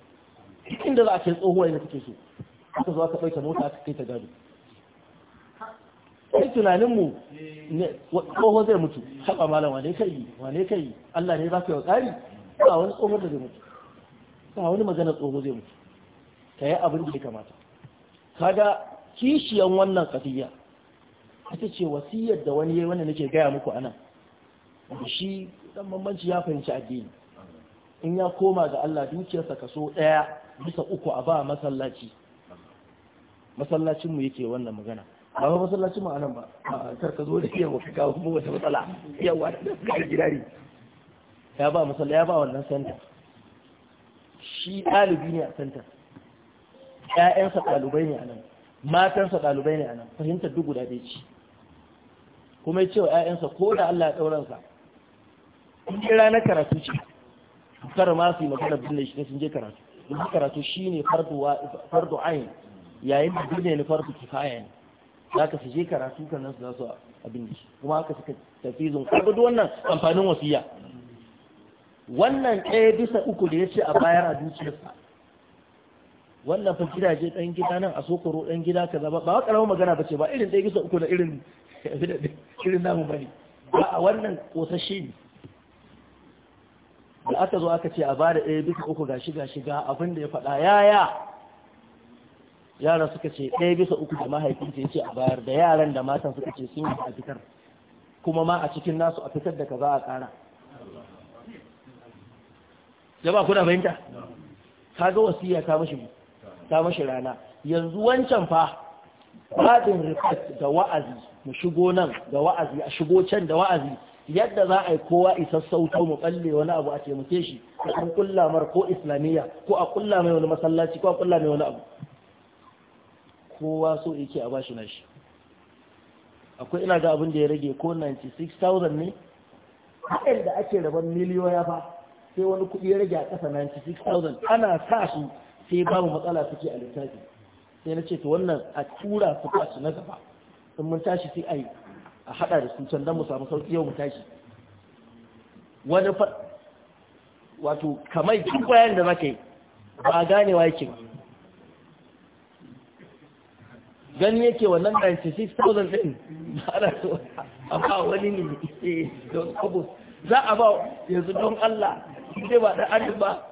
inda za a kai tsohuwa yana kake so aka zo aka ɗauke mota aka kai ta gado sai tunaninmu tsoho zai mutu haɓa malam wane kai yi wane kai yi Allah ne za ka yi wa ba wani tsoho da zai mutu ba wani magana tsoho zai mutu ka yi abin da ya kamata kaga kishiyan wannan kafiyya. ita ce wasiyar da wani yayi wanda nake gaya muku anan shi dan bambanci ya fahimci addini in ya koma ga Allah dukiyarsa kaso ɗaya bisa uku a ba masallaci masallacin mu yake wannan magana ba ba masallacin mu anan ba kar ka zo da yawa ka kawo mu wata matsala yawa da kai gidari ya ba masallaci ya ba wannan center shi ɗalibi ne a center ƴaƴansa ɗalibai ne anan, matansa ɗalibai ne anan. fahimtar duk guda ɗaya ce kuma ya ce wa ‘ya'yansa ko da Allah ya ɗauransa in ji ranar karatu ce kar ma su yi magana bin shi sun je karatu in ji karatu shi ne fardu ayin yayin da ne ne fardu kifaya ne za ka su je karatu kan nan su za su abin shi kuma haka suka tafi zun karbi duk wannan amfanin wasiya wannan ɗaya bisa uku da ya ce a bayar a dukiyarsa wannan fa gidaje ɗan gida nan a sokoro ɗan gida ka zaba ba ba ƙaramin magana ba ce ba irin ɗaya bisa uku na irin irin namu bane ba a wannan kosashe ne da aka zo aka ce a bada ɗaya bisa uku ga shiga-shiga, abin da ya faɗa yaya yara suka ce ɗaya bisa uku da mahaifinta ya ce a bayar da yaran da matan suka ce sun yi a fitar kuma ma a cikin nasu a fitar da ka za a ƙara jama kuna fahimta Ka wasiya ta mashi rana yanzu wancan fa Faɗin rikas da wa'azi mu shigo nan da wa'azi a shigo can da wa'azi yadda za a yi kowa isa sauto mu ɓalle wani abu a taimake shi a kan kullamar ko islamiyya ko a kulla mai wani masallaci ko a kulla mai wani abu kowa so yake a bashi nashi akwai ina ga abin da ya rage ko 96,000 ne haɗin da ake rabon miliyoya fa sai wani kuɗi ya rage a ƙasa 96,000 ana sa su sai babu matsala suke a littafi sai na ce to wannan a tura su kwasu na gaba in mun tashi sai a yi a haɗa da sun don mu samu sauƙi yau mu tashi wani wato kamar duk bayan da zaka yi ba wa yake ba gani yake wannan 96,000 ɗin a ba wani ne eh, don abu za a ba yanzu don Allah sai ba da ba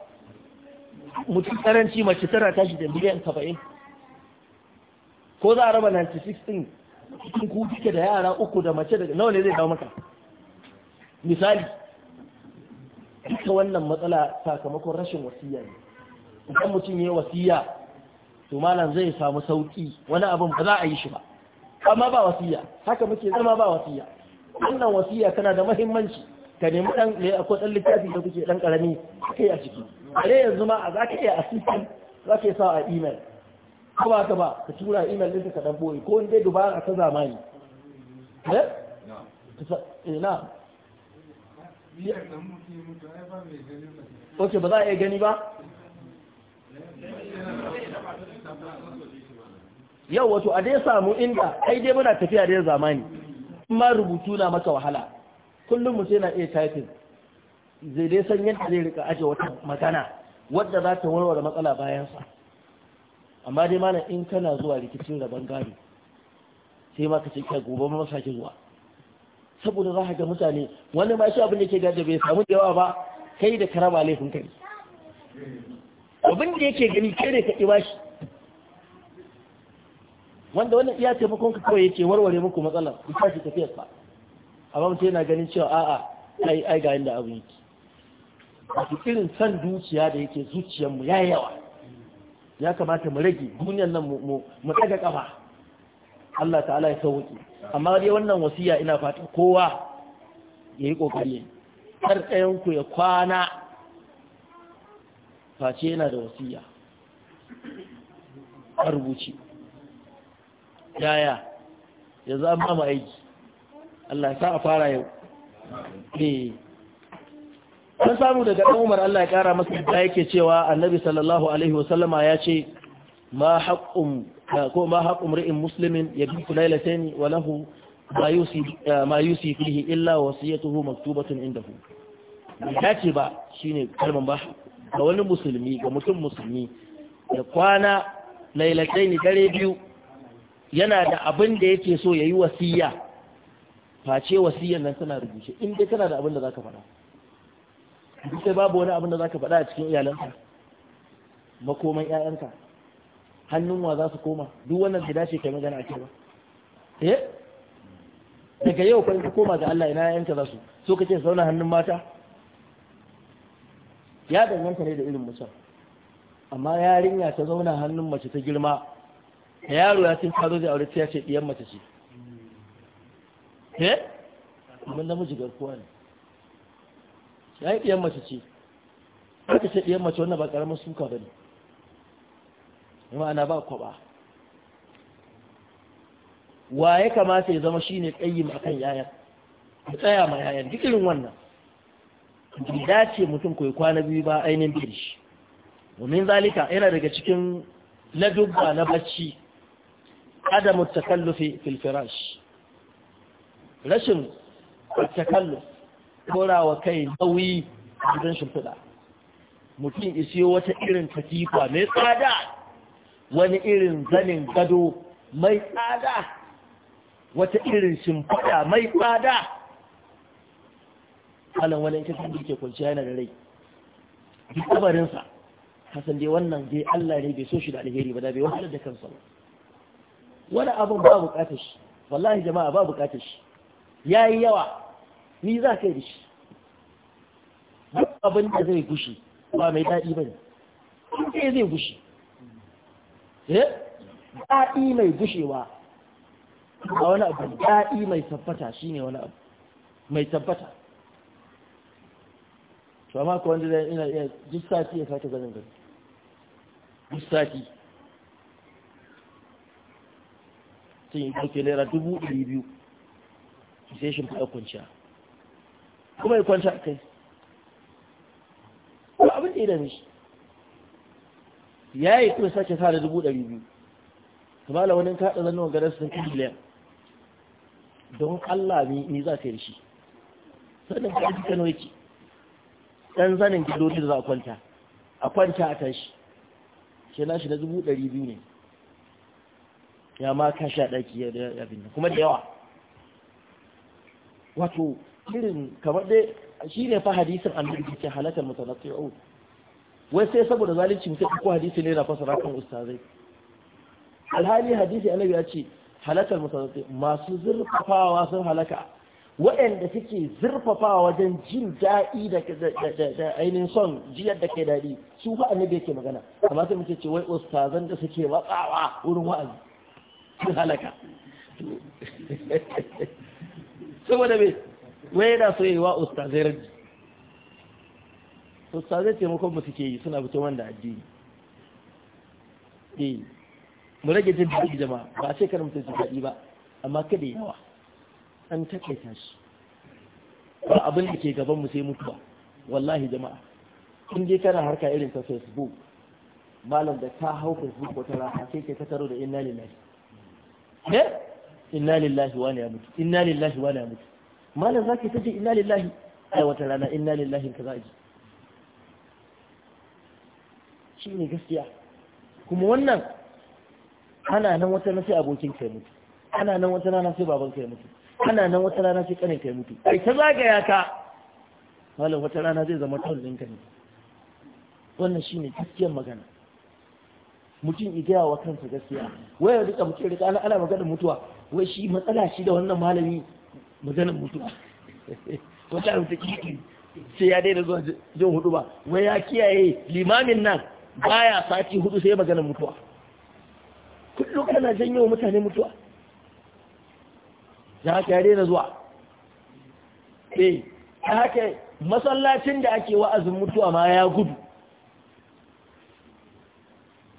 mutum karanci mace tara tashi da miliyan saba'in ko za a raba 96 din cikin ku da yara uku da mace da nawa ne zai dawo maka misali duka wannan matsala sakamakon rashin wasiya ne idan mutum ya wasiya to malam zai samu sauki wani abin ba za a yi shi ba amma ba wasiya haka muke zama ba wasiya wannan wasiya tana da muhimmanci ka nemi dan ne akwai dan littafi da kuke dan karami kai a ciki a yanzu ma za ka iya assistant za ka sa a email ko ba ka ba ka tura email ɗinka ka dan boye ko in dubara ta zamani eh na eh, ok ba za a iya gani ba yau wato a dai samu inda ai dai muna tafiya da zamani ma rubutu na maka wahala kullum mu sai na iya typing zai dai san yadda zai rika aje wata magana wadda za ta warware matsala bayansa amma dai malam in kana zuwa rikicin rabon gari, sai ma ka ce kai gobe ma sake zuwa saboda za ka ga mutane wani ma shi abin da ke gado bai samu da yawa ba kai da karama laifin kai abin da yake gani kai ne ka ba shi wanda wannan iya taimakon ka kawai yake warware muku matsalar ku tashi tafiyar fa. amma mutum yana ganin cewa a'a ai ai ga inda abin yake a irin san dukiya da yake zuciyarmu ya yawa ya kamata mu rage duniyar nan mu tsaga kafa Allah ta'ala ya sauki amma dai wannan wasiya ina fata kowa ya yi kokari har ku ya kwana face yana da wasiya a yaya yanzu an ba aiki Allah ya sa a fara yau eh an samu daga ɗan umar Allah ya ƙara masa da yake cewa annabi sallallahu alaihi wasallama ya ce ma haƙƙum ko musulmin ya bi ku lailatain wa lahu ma yusi fihi illa wasiyatuhu maktubatun ku. Ya ce ba shi ne kalman ba ga wani musulmi ga mutum musulmi ya kwana lailatain dare biyu yana da abin da yake so ya yi wasiya face wasiyan nan tana rubuce in dai da abin da za ka faɗa duk sai babu wani abin da ka faɗa a cikin iyalanka makoman ƴaƴanka hannun wa za su koma duk wannan bai dace kai magana a ba eh daga yau fa ka koma ga Allah ina ƴaƴanka za su so kace zauna hannun mata ya danganta ne da irin mutum amma yarinya ta zauna hannun mace ta girma yaro ya tun faro zai aure ta ce diyan mace ce eh mun namiji garkuwa ne ya yi ɗiyan mace ce aka ce ɗiyan mace wanda ba ƙaramin suka ba ne ma'ana ba kwaba wa ya kamata ya zama shi ne ƙayyim a kan yayan ya tsaya ma yayan duk irin wannan bai dace mutum ko kwana biyu ba ainihin bai shi domin zalika yana daga cikin ladubba na bacci adamu takallufi fil rashin takalluf kora wa kai nauyi a gidan shimfiɗa mutum isiyo wata irin katifa mai tsada wani irin zanin gado mai tsada wata irin shimfiɗa mai tsada halin wani kafin da ke kwanciya yana da rai duk kabarinsa kasan dai wannan dai Allah ne bai so shi da alheri ba da bai wahalar da kansa ba wani abin ba bukatar shi wallahi jama'a ba bukatar shi yi yawa ni za ka yi da shi duk abin da zai gushi ba mai daɗi ba ne in ce zai gushi eh? daɗi mai gushewa a wani abu daɗi mai tabbata shi ne wani abu mai tabbata to amma ko wanda zai ina iya duk sati ya sake ganin gari duk sati sun yi ɗauke naira dubu ɗari biyu sai shi fi ɗaukun kuma ya kwanta a kai ko abin da ya dame shi ya yi kuma sake sa da dubu ɗari biyu kuma ala wani kaɗa zannuwan su sun kan miliyan don allah ni za ka yi shi sannan ka ji kano yake ɗan zanen gidori da za a kwanta a kwanta a tashi shi na shi na dubu ɗari biyu ne ya ma kashi a ɗaki ya abin kuma da yawa wato irin kamar dai shi ne fa hadisin annabi ke halakar mutanatti'u wai sai saboda zalunci mutum ko hadisi ne na fasara kan ustazai alhali hadisi annabi ya ce halakar mutanatti'u masu zurfafawa sun halaka waɗanda suke zurfafawa wajen jin daɗi da ainihin son jiyar da kai daɗi su fa annabi yake magana amma sai muke ce wai ustazan da suke watsawa wurin wa'azi sun halaka [laughs] saboda me wai yana so yi wa ustazir ustazir ustazai taimakon mu suke yi suna fito wanda addini eh mu rage jin daɗi jama'a ba a ce kar mutum su daɗi ba amma kada yawa an takaita shi ba abin da ke gaban mu sai mutuwa wallahi jama'a kun je kana harka irin ta facebook malam da ta hau facebook wata raha, sai ke ta taro da inna lillahi eh inna lillahi wa ya inna lillahi wa ya malam zaki ta ce inna lillahi ai wata rana inna lillahi ka za ji shi ne gaskiya kuma wannan ana nan wata rana sai abokin kai mutu ana nan wata rana sai baban kai mutu ana nan wata rana sai kanin kai mutu ai ta zagaya ka malam wata rana zai zama tawul ka ne wannan shi ne gaskiyar magana mutum igaya wa kansa gaskiya waya duka mutum rika ana magana mutuwa wai shi matsala shi da wannan malami maganar mutuwa wata rubuta kiki sai ya daina zuwa jin hudu ba wai ya kiyaye limamin nan baya sati hudu sai maganar mutuwa kullum kana janyo mutane mutuwa za ka ya daina zuwa eh ta haka masallacin da ake wa'azin mutuwa ma ya gudu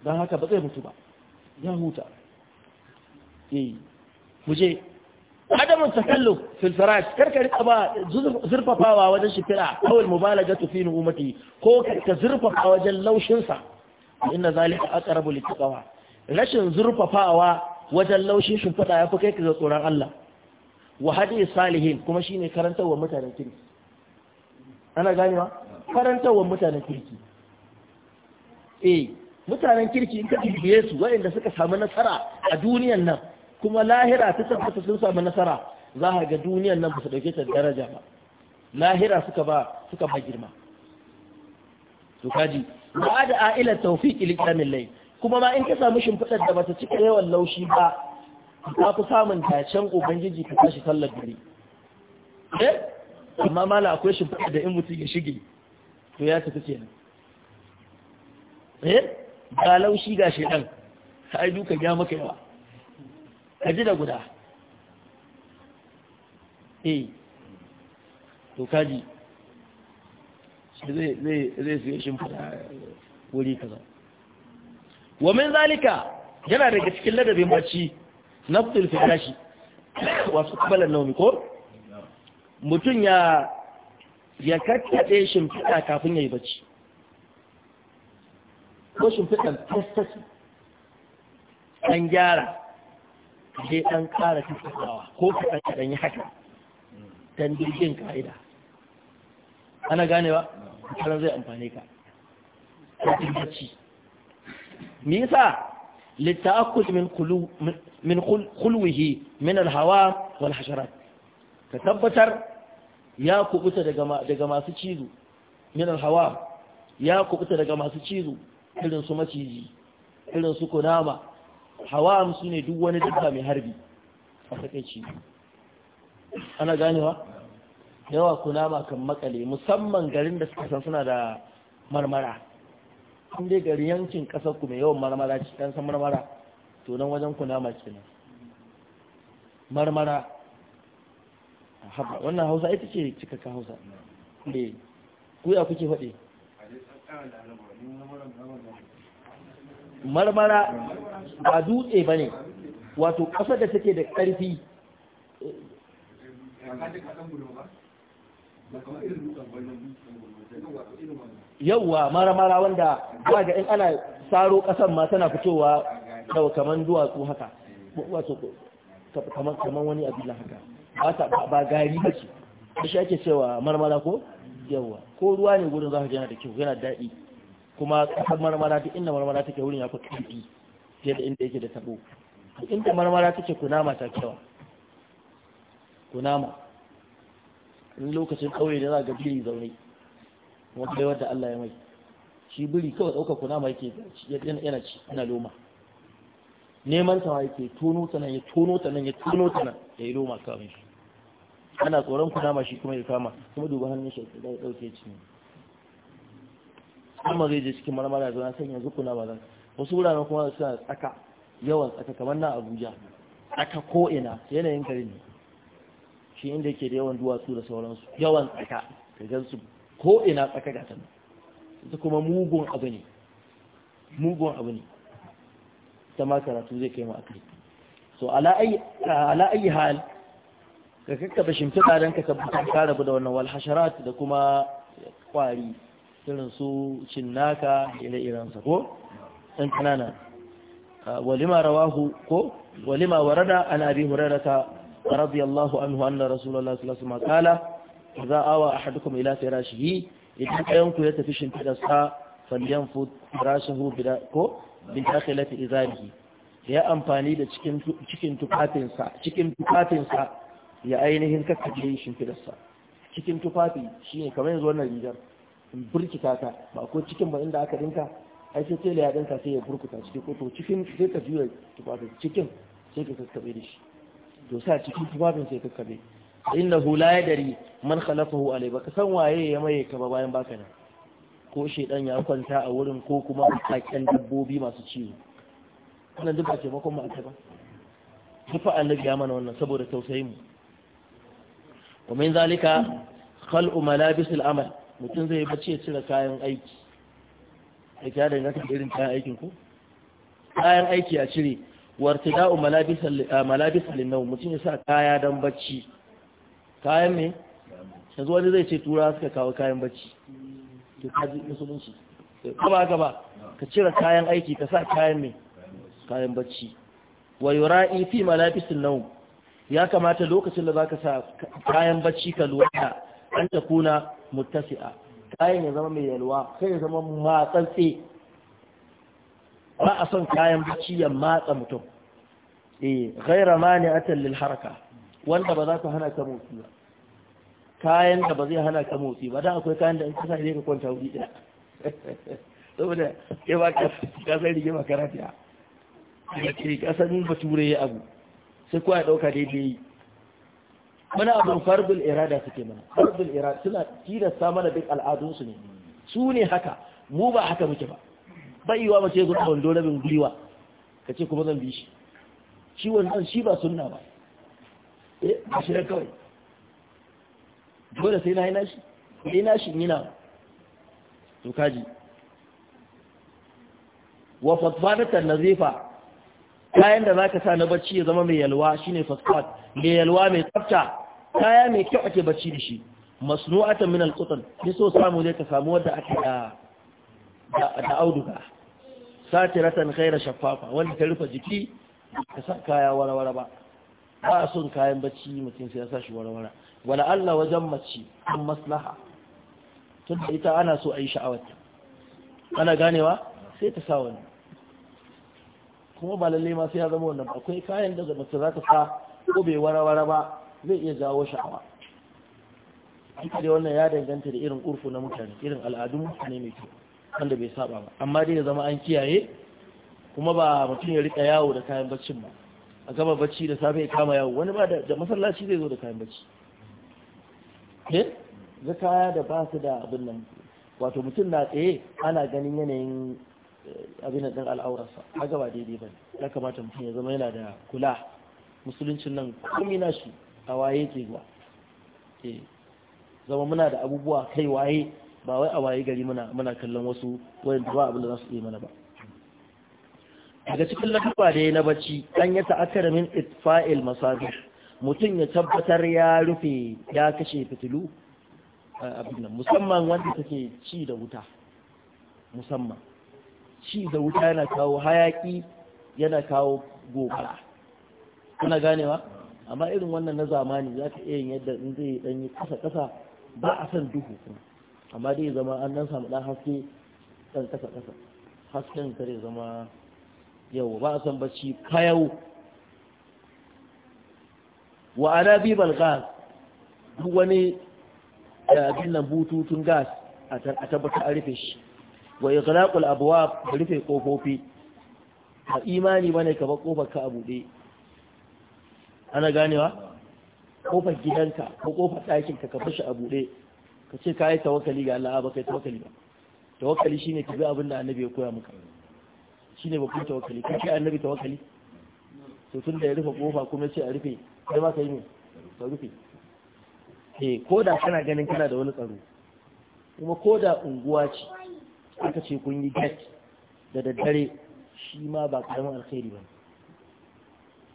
don haka ba zai mutu ba ya huta eh muje Adamu takalluf fil firash karka rika ba zurfafawa wajen shifira kawai mubalaga tufi umati ko ka zurfafa wajen laushin sa inna zalika aqrabu littaqwa rashin zurfafawa wajen laushin shimfida yafi kai ka tsoron Allah wa hadi salihin kuma shine karantawa mutanen kirki ana ganewa karantawa mutanen kirki eh mutanen kirki in ka bibiye su waɗanda suka samu nasara a duniyan nan kuma lahira ta tabbata sun samu nasara za a ga duniyan nan ba su dauke ta daraja ba lahira suka ba suka ba girma to kaji ba da a'ila tawfiq li kamil lay kuma ma in ka samu shimfidar da bata cika yawan laushi ba ka fi samun tacen ubangiji ka tashi sallar dare eh amma mala akwai shimfidar da in mutum ya shige to ya tafi kenan eh ba laushi ga shedan ai duka ya maka yawa ka ji da guda eh to kaji zai fiye fara eh, wuri kaza wa min zalika yana daga cikin ladabin bacci nafsul firashi wasu kabalan naumi ko mutum ya ya kakkaɗe shimfiɗa kafin ya yi bacci ko shimfiɗan tattasi an gyara je ɗan ƙara tattakawa ko kaɗan kaɗan yi haka don jirgin ka'ida ana ganewa kanan zai amfani ka ƙarfin bacci me litta litta'akkud min kulu min khulwihi min alhawa wal hasharat ka tabbatar ya kubuta daga masu cizo min alhawa ya kubuta daga masu cizo irin su maciji irin su kunama hawam su ne duk wani dabba mai harbi a takaici ana ganewa yawa kunama kan makale musamman garin da suka san suna da marmara in dai yankin kasar ku mai yawan marmara ci dan san marmara to nan wajen kunama kenan marmara haɓa wannan hausa ita ce cikakka hausa eh ku ya kuke faɗi marmara ba dutse ba ne wato ƙasa da take da ƙarfi yauwa marmara wanda ba ga in ana saro ƙasar ma tana fitowa daga kaman duwatsu haka wato kaman wani abin haka ba gari ba ce shi ake cewa marmara ko yauwa ko ruwa ne gudun za ka jana da kyau yana daɗi kuma ƙasar marmara duk inda marmara take wurin ya fi ƙarfi fiye da inda yake da tabo inda marmara take kunama ta kyawa kunama in lokacin ƙauye da za ga biri zaune wanda baiwar wanda Allah ya mai shi biri kawai ɗaukar kunama yake yana ci yana loma neman sa yake tono ta nan ya tono ta nan ya tono ta nan ya yi loma kawai ana tsoron kunama shi kuma ya kama kuma duba hannun shi ya ɗauke cini. amma zai je cikin marmara zuwa san yanzu kuna ba zan wasu wuraren kuma suna tsaka yawan tsaka kamar na abuja tsaka ko ina yanayin garin ne shi inda yake da yawan duwatsu da sauransu yawan tsaka ka gan su ko ina tsaka ga ta ita kuma mugun abu ne mugun abu ne ta ma karatu zai kai mu akai so ala ayi ala ayi hal ka kakkaba shimfiɗa don ka tabbatar ka rabu da wannan wal hasharat da kuma kwari irin su cinnaka ire irensa ko ɗan kanana walima rawahu ko walima warada an abi hurairata radiyallahu anhu anna rasulullahi sallallahu alaihi wasallam qala idza awa ahadukum ila firashihi idan ɗayan ku ya tafi shimfidarsa fu firashahu bida ko bin dakhilati izarihi ya amfani da cikin cikin tufafinsa cikin tufafinsa ya ainihin kakkace shimfidarsa cikin tufafi shine kamar yanzu wannan rigar in burkita ka ba ko cikin ba inda aka dinka ai sai tele ya dinka sai ya burkuta cikin ko to cikin sai ka juya tufafin cikin sai ka kakkabe da shi to sa cikin tufafin sai ka kakkabe innahu la yadri man khalafahu alai baka san waye ya maye ka ba bayan baka nan ko shedan ya kwanta a wurin ko kuma hakan dabbobi masu ciwo wannan duk ba ce makon ma'aka ba duk annabi ya mana wannan saboda tausayin mu ومن ذلك خلق ملابس العمل mutum zai bacci ya cire kayan aiki a kya da yanka irin kayan aikin ku kayan aiki a cire da'u malabis linnau mutum ya sa kaya don bacci kayan ne yanzu wani zai ce tura suka kawo kayan bacci to kaji musulunci kama gaba ka cire kayan aiki ka sa kayan me kayan bacci wa yura'i fi malabis naum ya kamata lokacin da za ka sa kayan bacci ka lura an ta kuna mutasi'a kayan ya zama mai yalwa kai ya zama matsantse ba a son kayan bacci ya matsa mutum eh ghaira mani'atan lil haraka wanda ba za ta hana ka motsi ba kayan da ba zai hana ka motsi ba da akwai kayan da in ka sa ka kwanta wuri ɗaya [laughs] saboda ya ba ka san rige makaranta ya ke kasan baturai ya abu sai kuwa ya ɗauka daidai muna abin farbul irada suke mana farbul irada suna tilasta mana duk al'adunsu ne su ne haka mu ba haka muke ba yiwa mace ya zo a wando rabin gwiwa ka ce kuma zan bi shi shi wannan shi ba sunna ba eh a shi kawai dole sai na yi nashi yi nashi yana to kaji wa fatfanatan nazifa kayan da zaka sa na bacci ya zama mai yalwa shine fatfat mai yalwa mai tsafta kaya mai kyau ake bacci da shi masnu'atan min al-qutan so samu zai ka samu wanda ake da da auduga satiratan khayra shaffafa wanda ta rufe jiki ka sa kaya wara-wara ba ba son kayan bacci mutum sai ya sa shi wara-wara. wala Allah wajen mace an maslaha tun da ita ana so a yi sha'awarta ana ganewa sai ta sa wani kuma ba lalle ma sai ya zama wannan akwai kayan da mace za ta sa ko bai wara-wara ba zai iya jawo sha'awa An kare wannan ya danganta da irin urfu na mutane irin al'adun mutane mai kyau wanda bai saba ba amma dai ya zama an kiyaye kuma ba mutum ya rika yawo da kayan baccin ba a gama bacci da safe ya kama yawo wani ba da masallaci zai zo da kayan bacci eh ga kaya da ba su da abin nan wato mutum na tsaye ana ganin yanayin eh, abin din al'aurarsa a gaba daidai ba ya kamata mutum ya zama yana da kula musuluncin nan komi na shi a waye ke zuwa eh, zama muna da abubuwa kai waye ba wai a waye gari muna kallon wasu wayan ba abin da za su yi mana ba daga cikin lafafa da ya na bacci an ya ta'akkara min itfa'il masabih mutum ya tabbatar ya rufe ya kashe fitilu abin musamman wanda take ci da wuta musamman ci da wuta yana kawo hayaki yana kawo gobara kuna ganewa amma irin wannan na zamani za ka iya yin yadda in zai dan yi kasa kasa ba a san duhu amma dai zama an nan samu dan haske dan kasa kasa hasken kare zama yau ba a san bacci kayau wa anabi bal gas duk wani eh, abin nan bututun gas a tabbata a rufe shi wa iqlaqul abwab rufe kofofi a imani bane ka ba kofar ka a buɗe ana ganewa kofar gidanka ko kofar ɗakinka ka shi a buɗe ka ce ka yi tawakali ga Allah ba kai tawakali ba tawakali shine ka bi abin da annabi ya koya maka shine kun tawakali ka ce annabi tawakali to tun da ya rufe kofa kuma ce a rufe kai ma kai ne ka rufe eh ko da kana ganin kana da wani tsaro kuma ko da unguwa ce aka ce kun yi get da daddare shi ma ba karamin alkhairi ba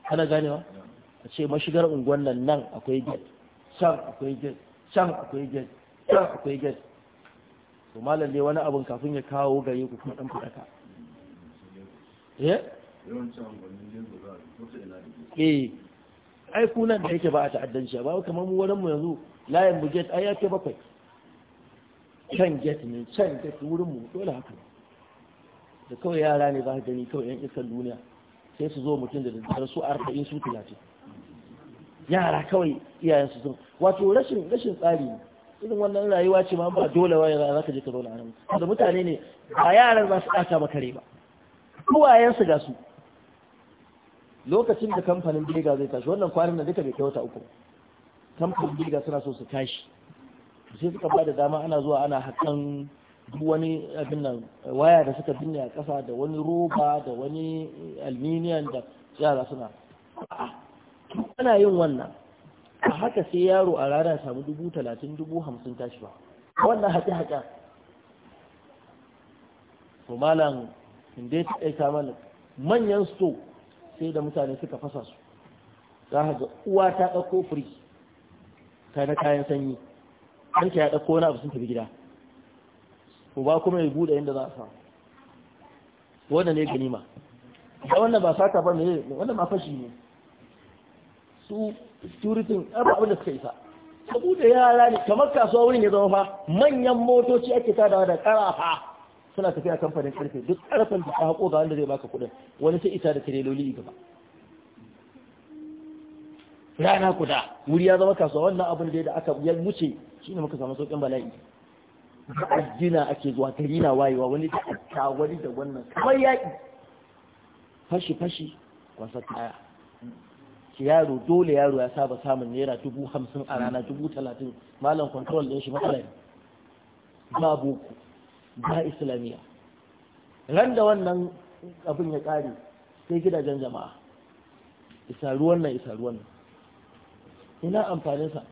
kana ganewa a ce mashigar unguwan nan nan akwai get can akwai get can akwai get can akwai get to malam dai wani abun kafin ya kawo gari ku kuma dan fadaka eh eh ai nan da yake ba a ta'addanci ba kamar mu wurin mu yanzu layin mu get ai yake bakwai can get ne can get wurin mu dole haka da kawai yara ne ba gani kawai yan iskan duniya sai su zo mutum da daddare su arba'in su talatin yara kawai iyayen su wato rashin rashin tsari irin wannan rayuwa ce ma ba dole wai za ka je ka zauna nan da mutane ne ba yaran za su ɗata maka ba uwayen su ga su lokacin da kamfanin Bega zai tashi wannan kwarin da duka bai kai wata uku kamfanin Bega suna so su tashi sai suka ba da dama ana zuwa ana hakan duk wani abin nan waya da suka binne a ƙasa da wani roba da wani alminiyan da yara suna ana yin wannan a haka sai yaro a rana samu dubu talatin dubu hamsin tashi ba wannan haƙi haƙa to malam inda ta aika mana manyan sto sai da mutane suka fasa su za ga uwa ta ɗauko firi ta na kayan sanyi ɗanka ya ɗauko wani abu sun tafi gida ba kuma ya buɗe inda za a samu wannan ne ganima wannan ba sata ba ne wannan ma fashi ne su turitin abu abin da suka isa saboda yara ne kamar kasuwa wurin ya zama fa manyan motoci ake ta da ƙarafa suna tafiya kamfanin ƙarfe duk ƙarfen da haƙo ga wanda zai baka kuɗin wani sai isa da tireloli gaba rana guda wuri ya zama kasuwa wannan abin da da aka ya wuce shine muka samu sauƙin bala'i gina ake zuwa gari na wayewa wani da wani da wannan kamar yaƙi fashi fashi kwasar kaya yaro dole yaro ya saba samun naira dubu hamsin a rana dubu talatin malam control ɗin shi matsala ne ba boko ba islamiyya ran da wannan abin ya ƙare sai gidajen jama'a isa ruwan nan isa ruwan nan ina amfaninsa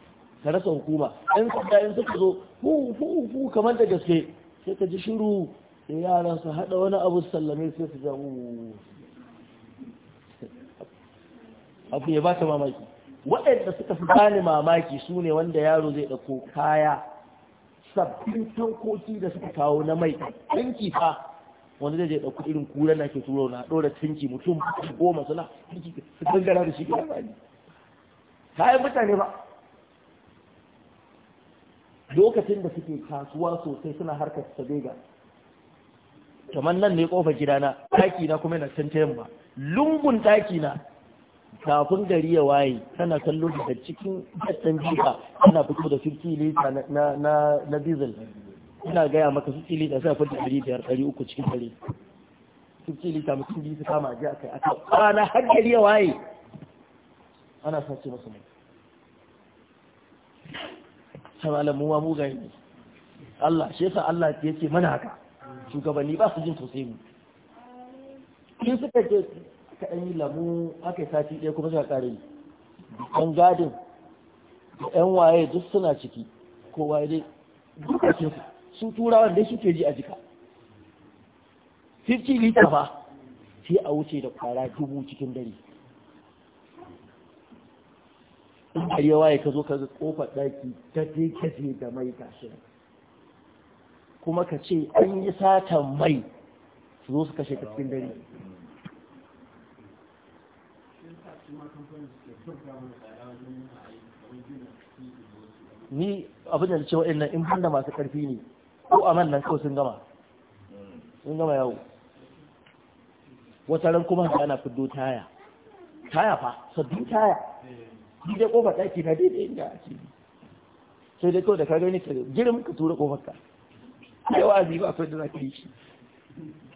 ka rasa hukuma ɗan sanda in suka zo hu hu hu kamar da gaske sai ka ji shiru sai yaran su haɗa wani abu sallame sai su ja abu ya bata mamaki waɗanda suka fi bani mamaki su ne wanda yaro zai ɗauko kaya sabbin tankoki da suka kawo na mai tanki fa wanda zai je ɗauko irin kura na ke turo na ɗora tanki mutum goma suna su gangara da shi ke amfani kayan mutane ba lokacin da suke kasuwa sosai suna harkar sabega kamar nan ne kofar gidana ɗaki na kuma yana can ta yamma lungun ɗaki na kafin gari ya waye tana kallo da cikin ɗan jika ana fito da 50 lita na diesel ina gaya maka 50 lita sai fito da uku cikin dare 50 lita mutum biyu su kama aji akai akai rana har gari ya waye ana ce masu mai sai malam muwa mu gani ne Allah shi yasa Allah ya ce mana haka shugabanni ba su jin tausayi mu in suka ce ka ɗan yi lamu aka yi sati ɗaya kuma suka ƙare ɗan gadin da ɗan waye duk suna ciki waye dai duk a cikin su tura wanda suke ji a jika 50 lita ba sai a wuce da kwara dubu cikin dare in har yawa ya ka zo ka ga kofar ɗaki ta kaje da mai gashi kuma ka ce an yi satan mai su zo su kashe cikin dare ni abin da cewa in nan in banda masu ƙarfi ne ko a man nan kawai sun gama sun gama yawo wata ran kuma da ana fiddo taya taya fa sabbin taya ni dai kofar ɗaki na daidai inda a ce sai dai kawai da ka gani ka girin ka tura kofar ka ai wa'azi ba kai da za yi shi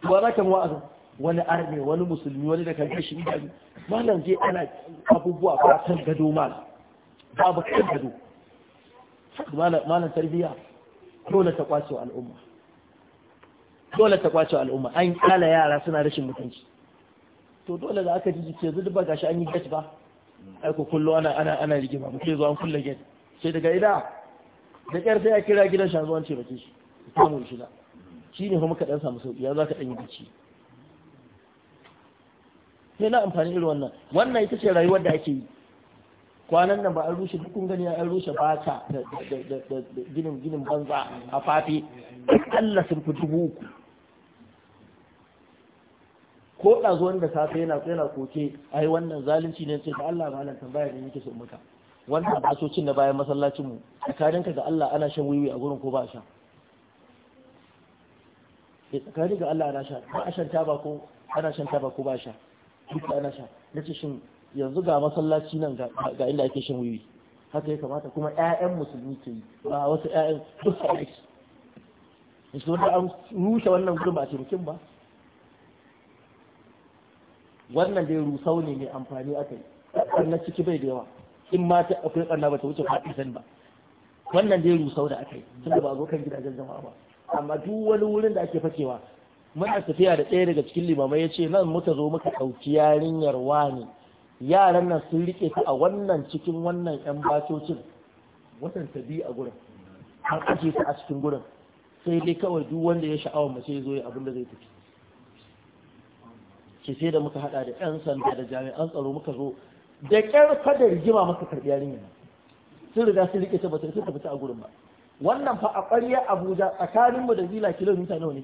ba za ka mu wa'azin wani arme wani musulmi wani da kan shi idanu malam je ana abubuwa ba san gado ba babu kan gado malam tarbiya dole ta kwace al'umma dole ta kwace al'umma an kala yara suna rashin mutunci to dole da aka ji jike yanzu duk ba gashi an yi gate ba ai ku kullu ana ana ana rigima mu ke zo an kulle gate sai daga ida da kyar sai ya kira gidan shanzuwan ce bace shi samu shi da ne kuma ka dan samu sauki ya za ka dan yi bici sai na amfani irin wannan wannan ita ce rayuwar da ake yi kwanan nan ba an rushe dukkan gani an rushe bata da ginin ginin banza a fafi Allah sun fi dubu uku ko ɗazo wanda safe yana yana koke ai wannan zalunci ne sai da Allah ba nan tambaya ne yake so muka wannan basocin da bayan masallacin mu tsakaninka ga Allah ana shan wiwi a gurin ko ba a sha eh, tsakanin ga Allah ana sha ba a shan taba ko ana shan taba ko ba sha duka na sha na ce shin yanzu ga masallaci nan ga inda ake shan wiwi haka ya kamata kuma ƴaƴan musulmi ke yi ba wasu ƴaƴan duk sa in yanzu wanda an rushe wannan gurin ba a cikin ba wannan dai rusau ne mai amfani aka yi na ciki bai da yawa in ma ta akwai ƙarna ba ta wuce faɗi ba wannan dai rusau da aka yi tunda ba zo kan gidajen jama'a ba amma duk wani wurin da ake fakewa muna tafiya da ɗaya daga cikin limamai ya ce nan muka zo muka ɗauki yarinyar wani yaran nan sun riƙe ta a wannan cikin wannan ƴan bacocin watan ta biyu a gurin an ake ta a cikin gurin sai dai kawai duk wanda ya sha'awa mace ya zo ya abin da zai tafi ke sai da muka haɗa da ƴan sanda da jami'an tsaro muka zo da ƙyar kada rigima maka karɓi yarinyar sun riga sun riƙe ta ba ta tafi ta a gurin ba wannan fa a ƙwarya abuja tsakaninmu da zila kilomita nawa ne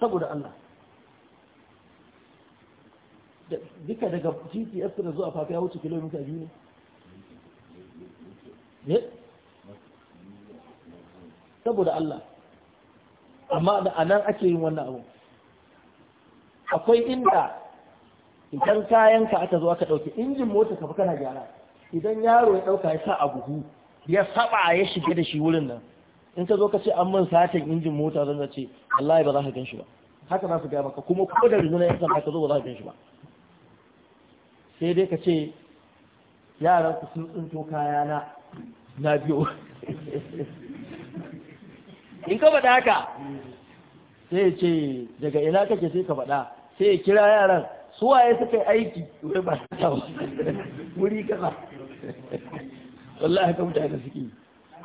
saboda Allah duka daga gps na zuwa fafi ya wuce kilomita biyu ne saboda Allah amma da anan ake yin wannan abu akwai inda idan kayan ka aka zo aka dauke injin mota ka fi kana gyara idan yaro ya ɗauka ya sa a buhu ya saba ya shige da shi wurin nan in ka zo ka ce an man satin injin mota zan ce wallahi ba za ka ganshi ba haka za su gaya maka kuma ko da rizuna yan sanda ka zo ba za ka ganshi ba sai dai ka ce yaran ku sun tsinto kaya na na biyo in ka faɗa haka sai ya ce daga ina kake sai ka faɗa sai ya kira yaran suwaye suka yi aiki wai ba ta wuri kaza wallahi haka mutane suke yi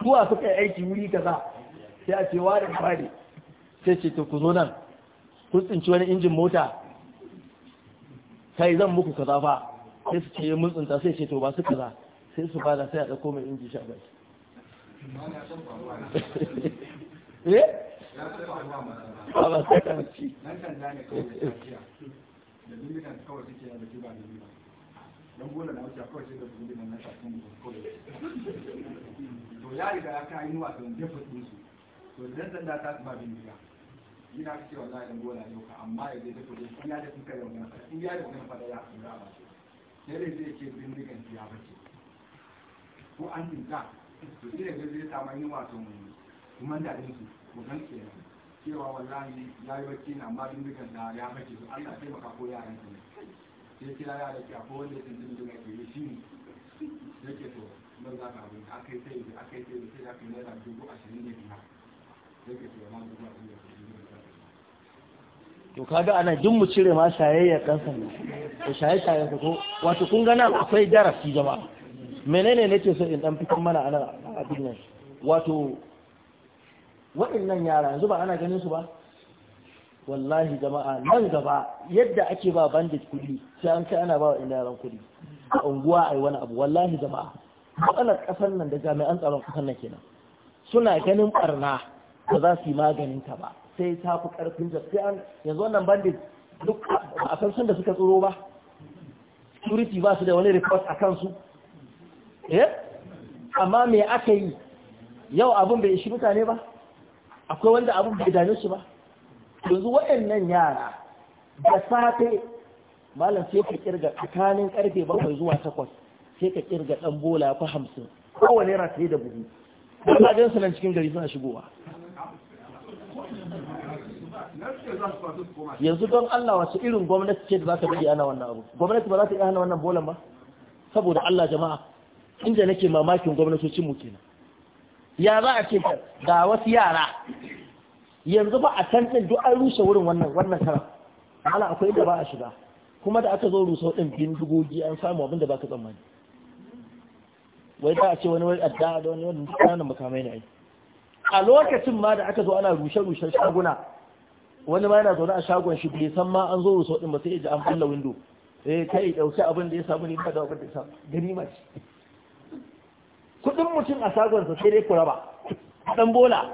zuwa suka yi aiki wuri kaza sai a ce ware ware sai ce ta ku zo nan ku tsinci wani injin mota sai zan muku kaza fa sai su ce yi eh, tsinta sai ce to ba su kaza sai su bada sai a dauko mai inji sha bai [laughs] eh? ba ba sai ci da kawai don gona na wuce kawai sai da zuri nan na shafin kawai to ya riga ya kayi nuwa to jefa su. to idan sanda ta ba bindiga ina fi cewa za a dan gona yau ka amma ya zai dafa in ya dafa kai wannan in ya dafa wannan fada ya kura ba ce. sai dai zai ce bindigan ya bace ko an tinka to sai da zai ta samu yin wato kuma da din su ko kan ke cewa wallahi yi bacci ne, amma bindigan da ya bace to Allah sai baka ko yaran ne to ka na kaga ana jin mu cire ma shayayya kansa ne to shaye shaye ko wato kun ga akwai darasi jama'a menene ne nake so in dan fitar mana ana abin nan wato waɗannan yara yanzu ba ana ganin su ba wallahi jama'a nan gaba yadda ake ba bandit kuɗi sai an kai ana ba wa inda yaran kudi a unguwa ai wani abu wallahi jama'a matsalar kasar nan da jami'an tsaron kasar nan kenan suna ganin barna ba za su yi maganin ta ba sai ta fi karfin da sai an yanzu wannan bandit duk a kan sun da suka tsoro ba security ba su da wani report a kansu eh amma me aka yi yau abun bai ishi mutane ba akwai wanda abun bai dane shi ba yanzu waɗannan yara da safe malam sai ka kirga tsakanin karfe bakwai zuwa takwas sai ka kirga ɗan bola ko hamsin kowane ra sai da buhu ba jinsu nan cikin gari suna shigowa yanzu don Allah wasu irin gwamnati ce da za ka bari ana wannan abu gwamnati ba za ta iya hana wannan bolan ba saboda Allah jama'a inda nake mamakin gwamnatocin mu kenan ya za a ce ga wasu yara yanzu ba a can ɗin duk an rushe wurin wannan wannan karan ala akwai inda ba a shiga kuma da aka zo rusau ɗin bindigogi an samu abin da ba ka tsammani wai da a ce wani wai adda da wani wani kanan makamai ne a lokacin ma da aka zo ana rushe-rushen shaguna wani ma yana zaune a shagon shi bai san ma an zo rusau ɗin ba sai ya ji an falla windo eh kai ɗauki abin da ya samu ne ba da abin da ya samu gani ma ce kuɗin mutum a shagonsa sai dai ku raba ɗan bola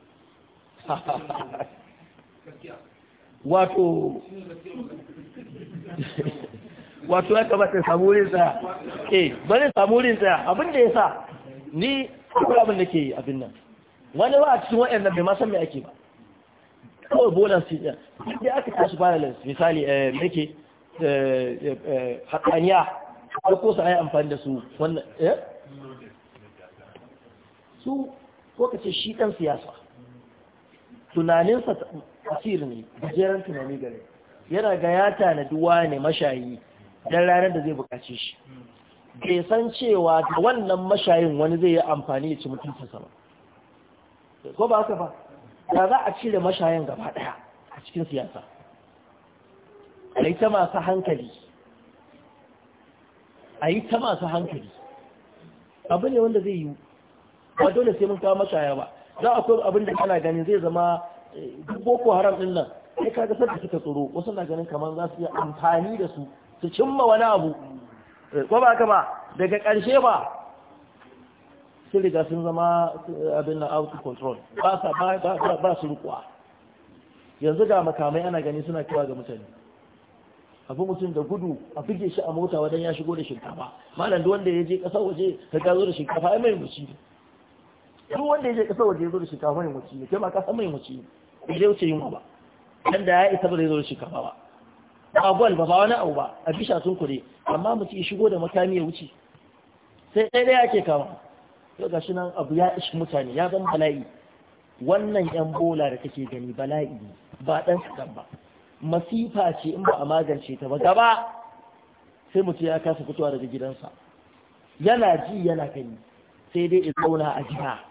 [laughs] wato wato ya kamata samu wurin tsaya eh bari samu abin da ya sa ni kuma abin da ke yi abin nan wani ba a cikin waɗannan bai ma san me ake ba kawai bolan su ɗin ya aka tashi balance misali eh, make eh, eh, hatsaniya har ko ko a yi amfani da su wannan eh su ko ka ce shi ɗan siyasa tunaninsa asiri ne gajeren tunani gare yana ga ya tanadi wane mashayi don ranar da zai bukaci shi bai san cewa da wannan mashayin wani zai yi amfani ya ci mutunta sama ko ba haka ba da za a cire mashayin gaba daya a cikin siyasa a yi ta masu hankali a yi ta masu hankali abu ne wanda zai yi ba dole sai mun kawo mashaya ba za a koyi abin da kana gani zai zama duk eh, boko haram din nan sai ka ga da suka tsoro wasu na ganin kamar za su yi amfani da su su cimma wani abu eh, ko ba ka daga ƙarshe ba sun riga sun zama eh, abin na out of control ba sa ba su rukuwa yanzu ga makamai ana gani suna kiwa ga mutane abu mutum da gudu a buge shi a mota wadanda ya shigo da shinkafa malam da wanda ya je ƙasar waje ka gazo da shinkafa ya mai mushi duk wanda ya je kasar waje zo da shinkafa mai muci ne kai ma ka san mai muci ne zai wuce yunwa ba dan da ya isa ba zai zo da shinkafa ba ba gwal ba ba wani abu ba a bisha sun kure amma mutum ya shigo da makami ya wuce sai ɗaya ɗaya ake kama to ga shi nan abu ya ishi mutane ya zama bala'i wannan yan bola da kake gani bala'i ne ba ɗan kaɗan ba masifa ce in ba a magance ta ba gaba sai mutu ya kasa fitowa daga gidansa yana ji yana gani sai dai ya zauna a jiha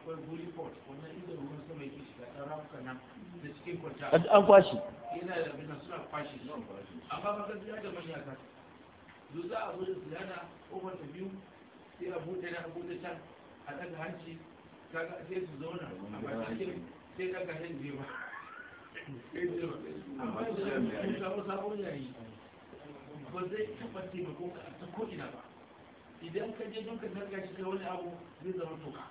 akwai guri port wannan inda ruwan sama yake shiga ɗan ramuka nan da cikin kwanta an kwashi yana da bina suna kwashi amma ba kan da manya ka duk za a bude ziyara kofar ta biyu sai a bude na bude can a ɗaga hanci sai su zauna a matakin sai ɗaga hanci je ba amma da ya samu sabon yayi ba zai taɓa taimakon ka a ta ko'ina ba idan ka je don ka zarga shi kai wani abu zai zama toka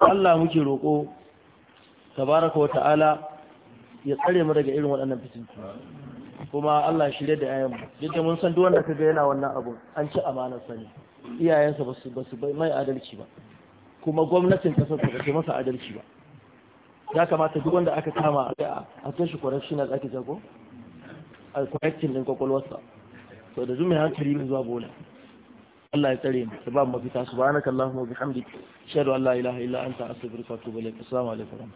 Allah muke roƙo tabaraka wa ta'ala ya tsare mu daga irin waɗannan fitinci kuma Allah shirya da ayyan mu. Yadda mun san duwanda ka kaga yana wannan abu an ci amanar sani, iyayensa ba su mai adalci ba kuma gwamnatin kasar ba ta masa adalci ba ya kamata duk wanda aka kama a kai shi correctional ake jago a correcting din kwakwalwarsa so da mai hankali min zuwa bola Allah ya tsare mu ba mu fita subhanakallahumma wa bihamdika Allah an la ilaha illa anta astaghfiruka wa atubu ilaik assalamu alaikum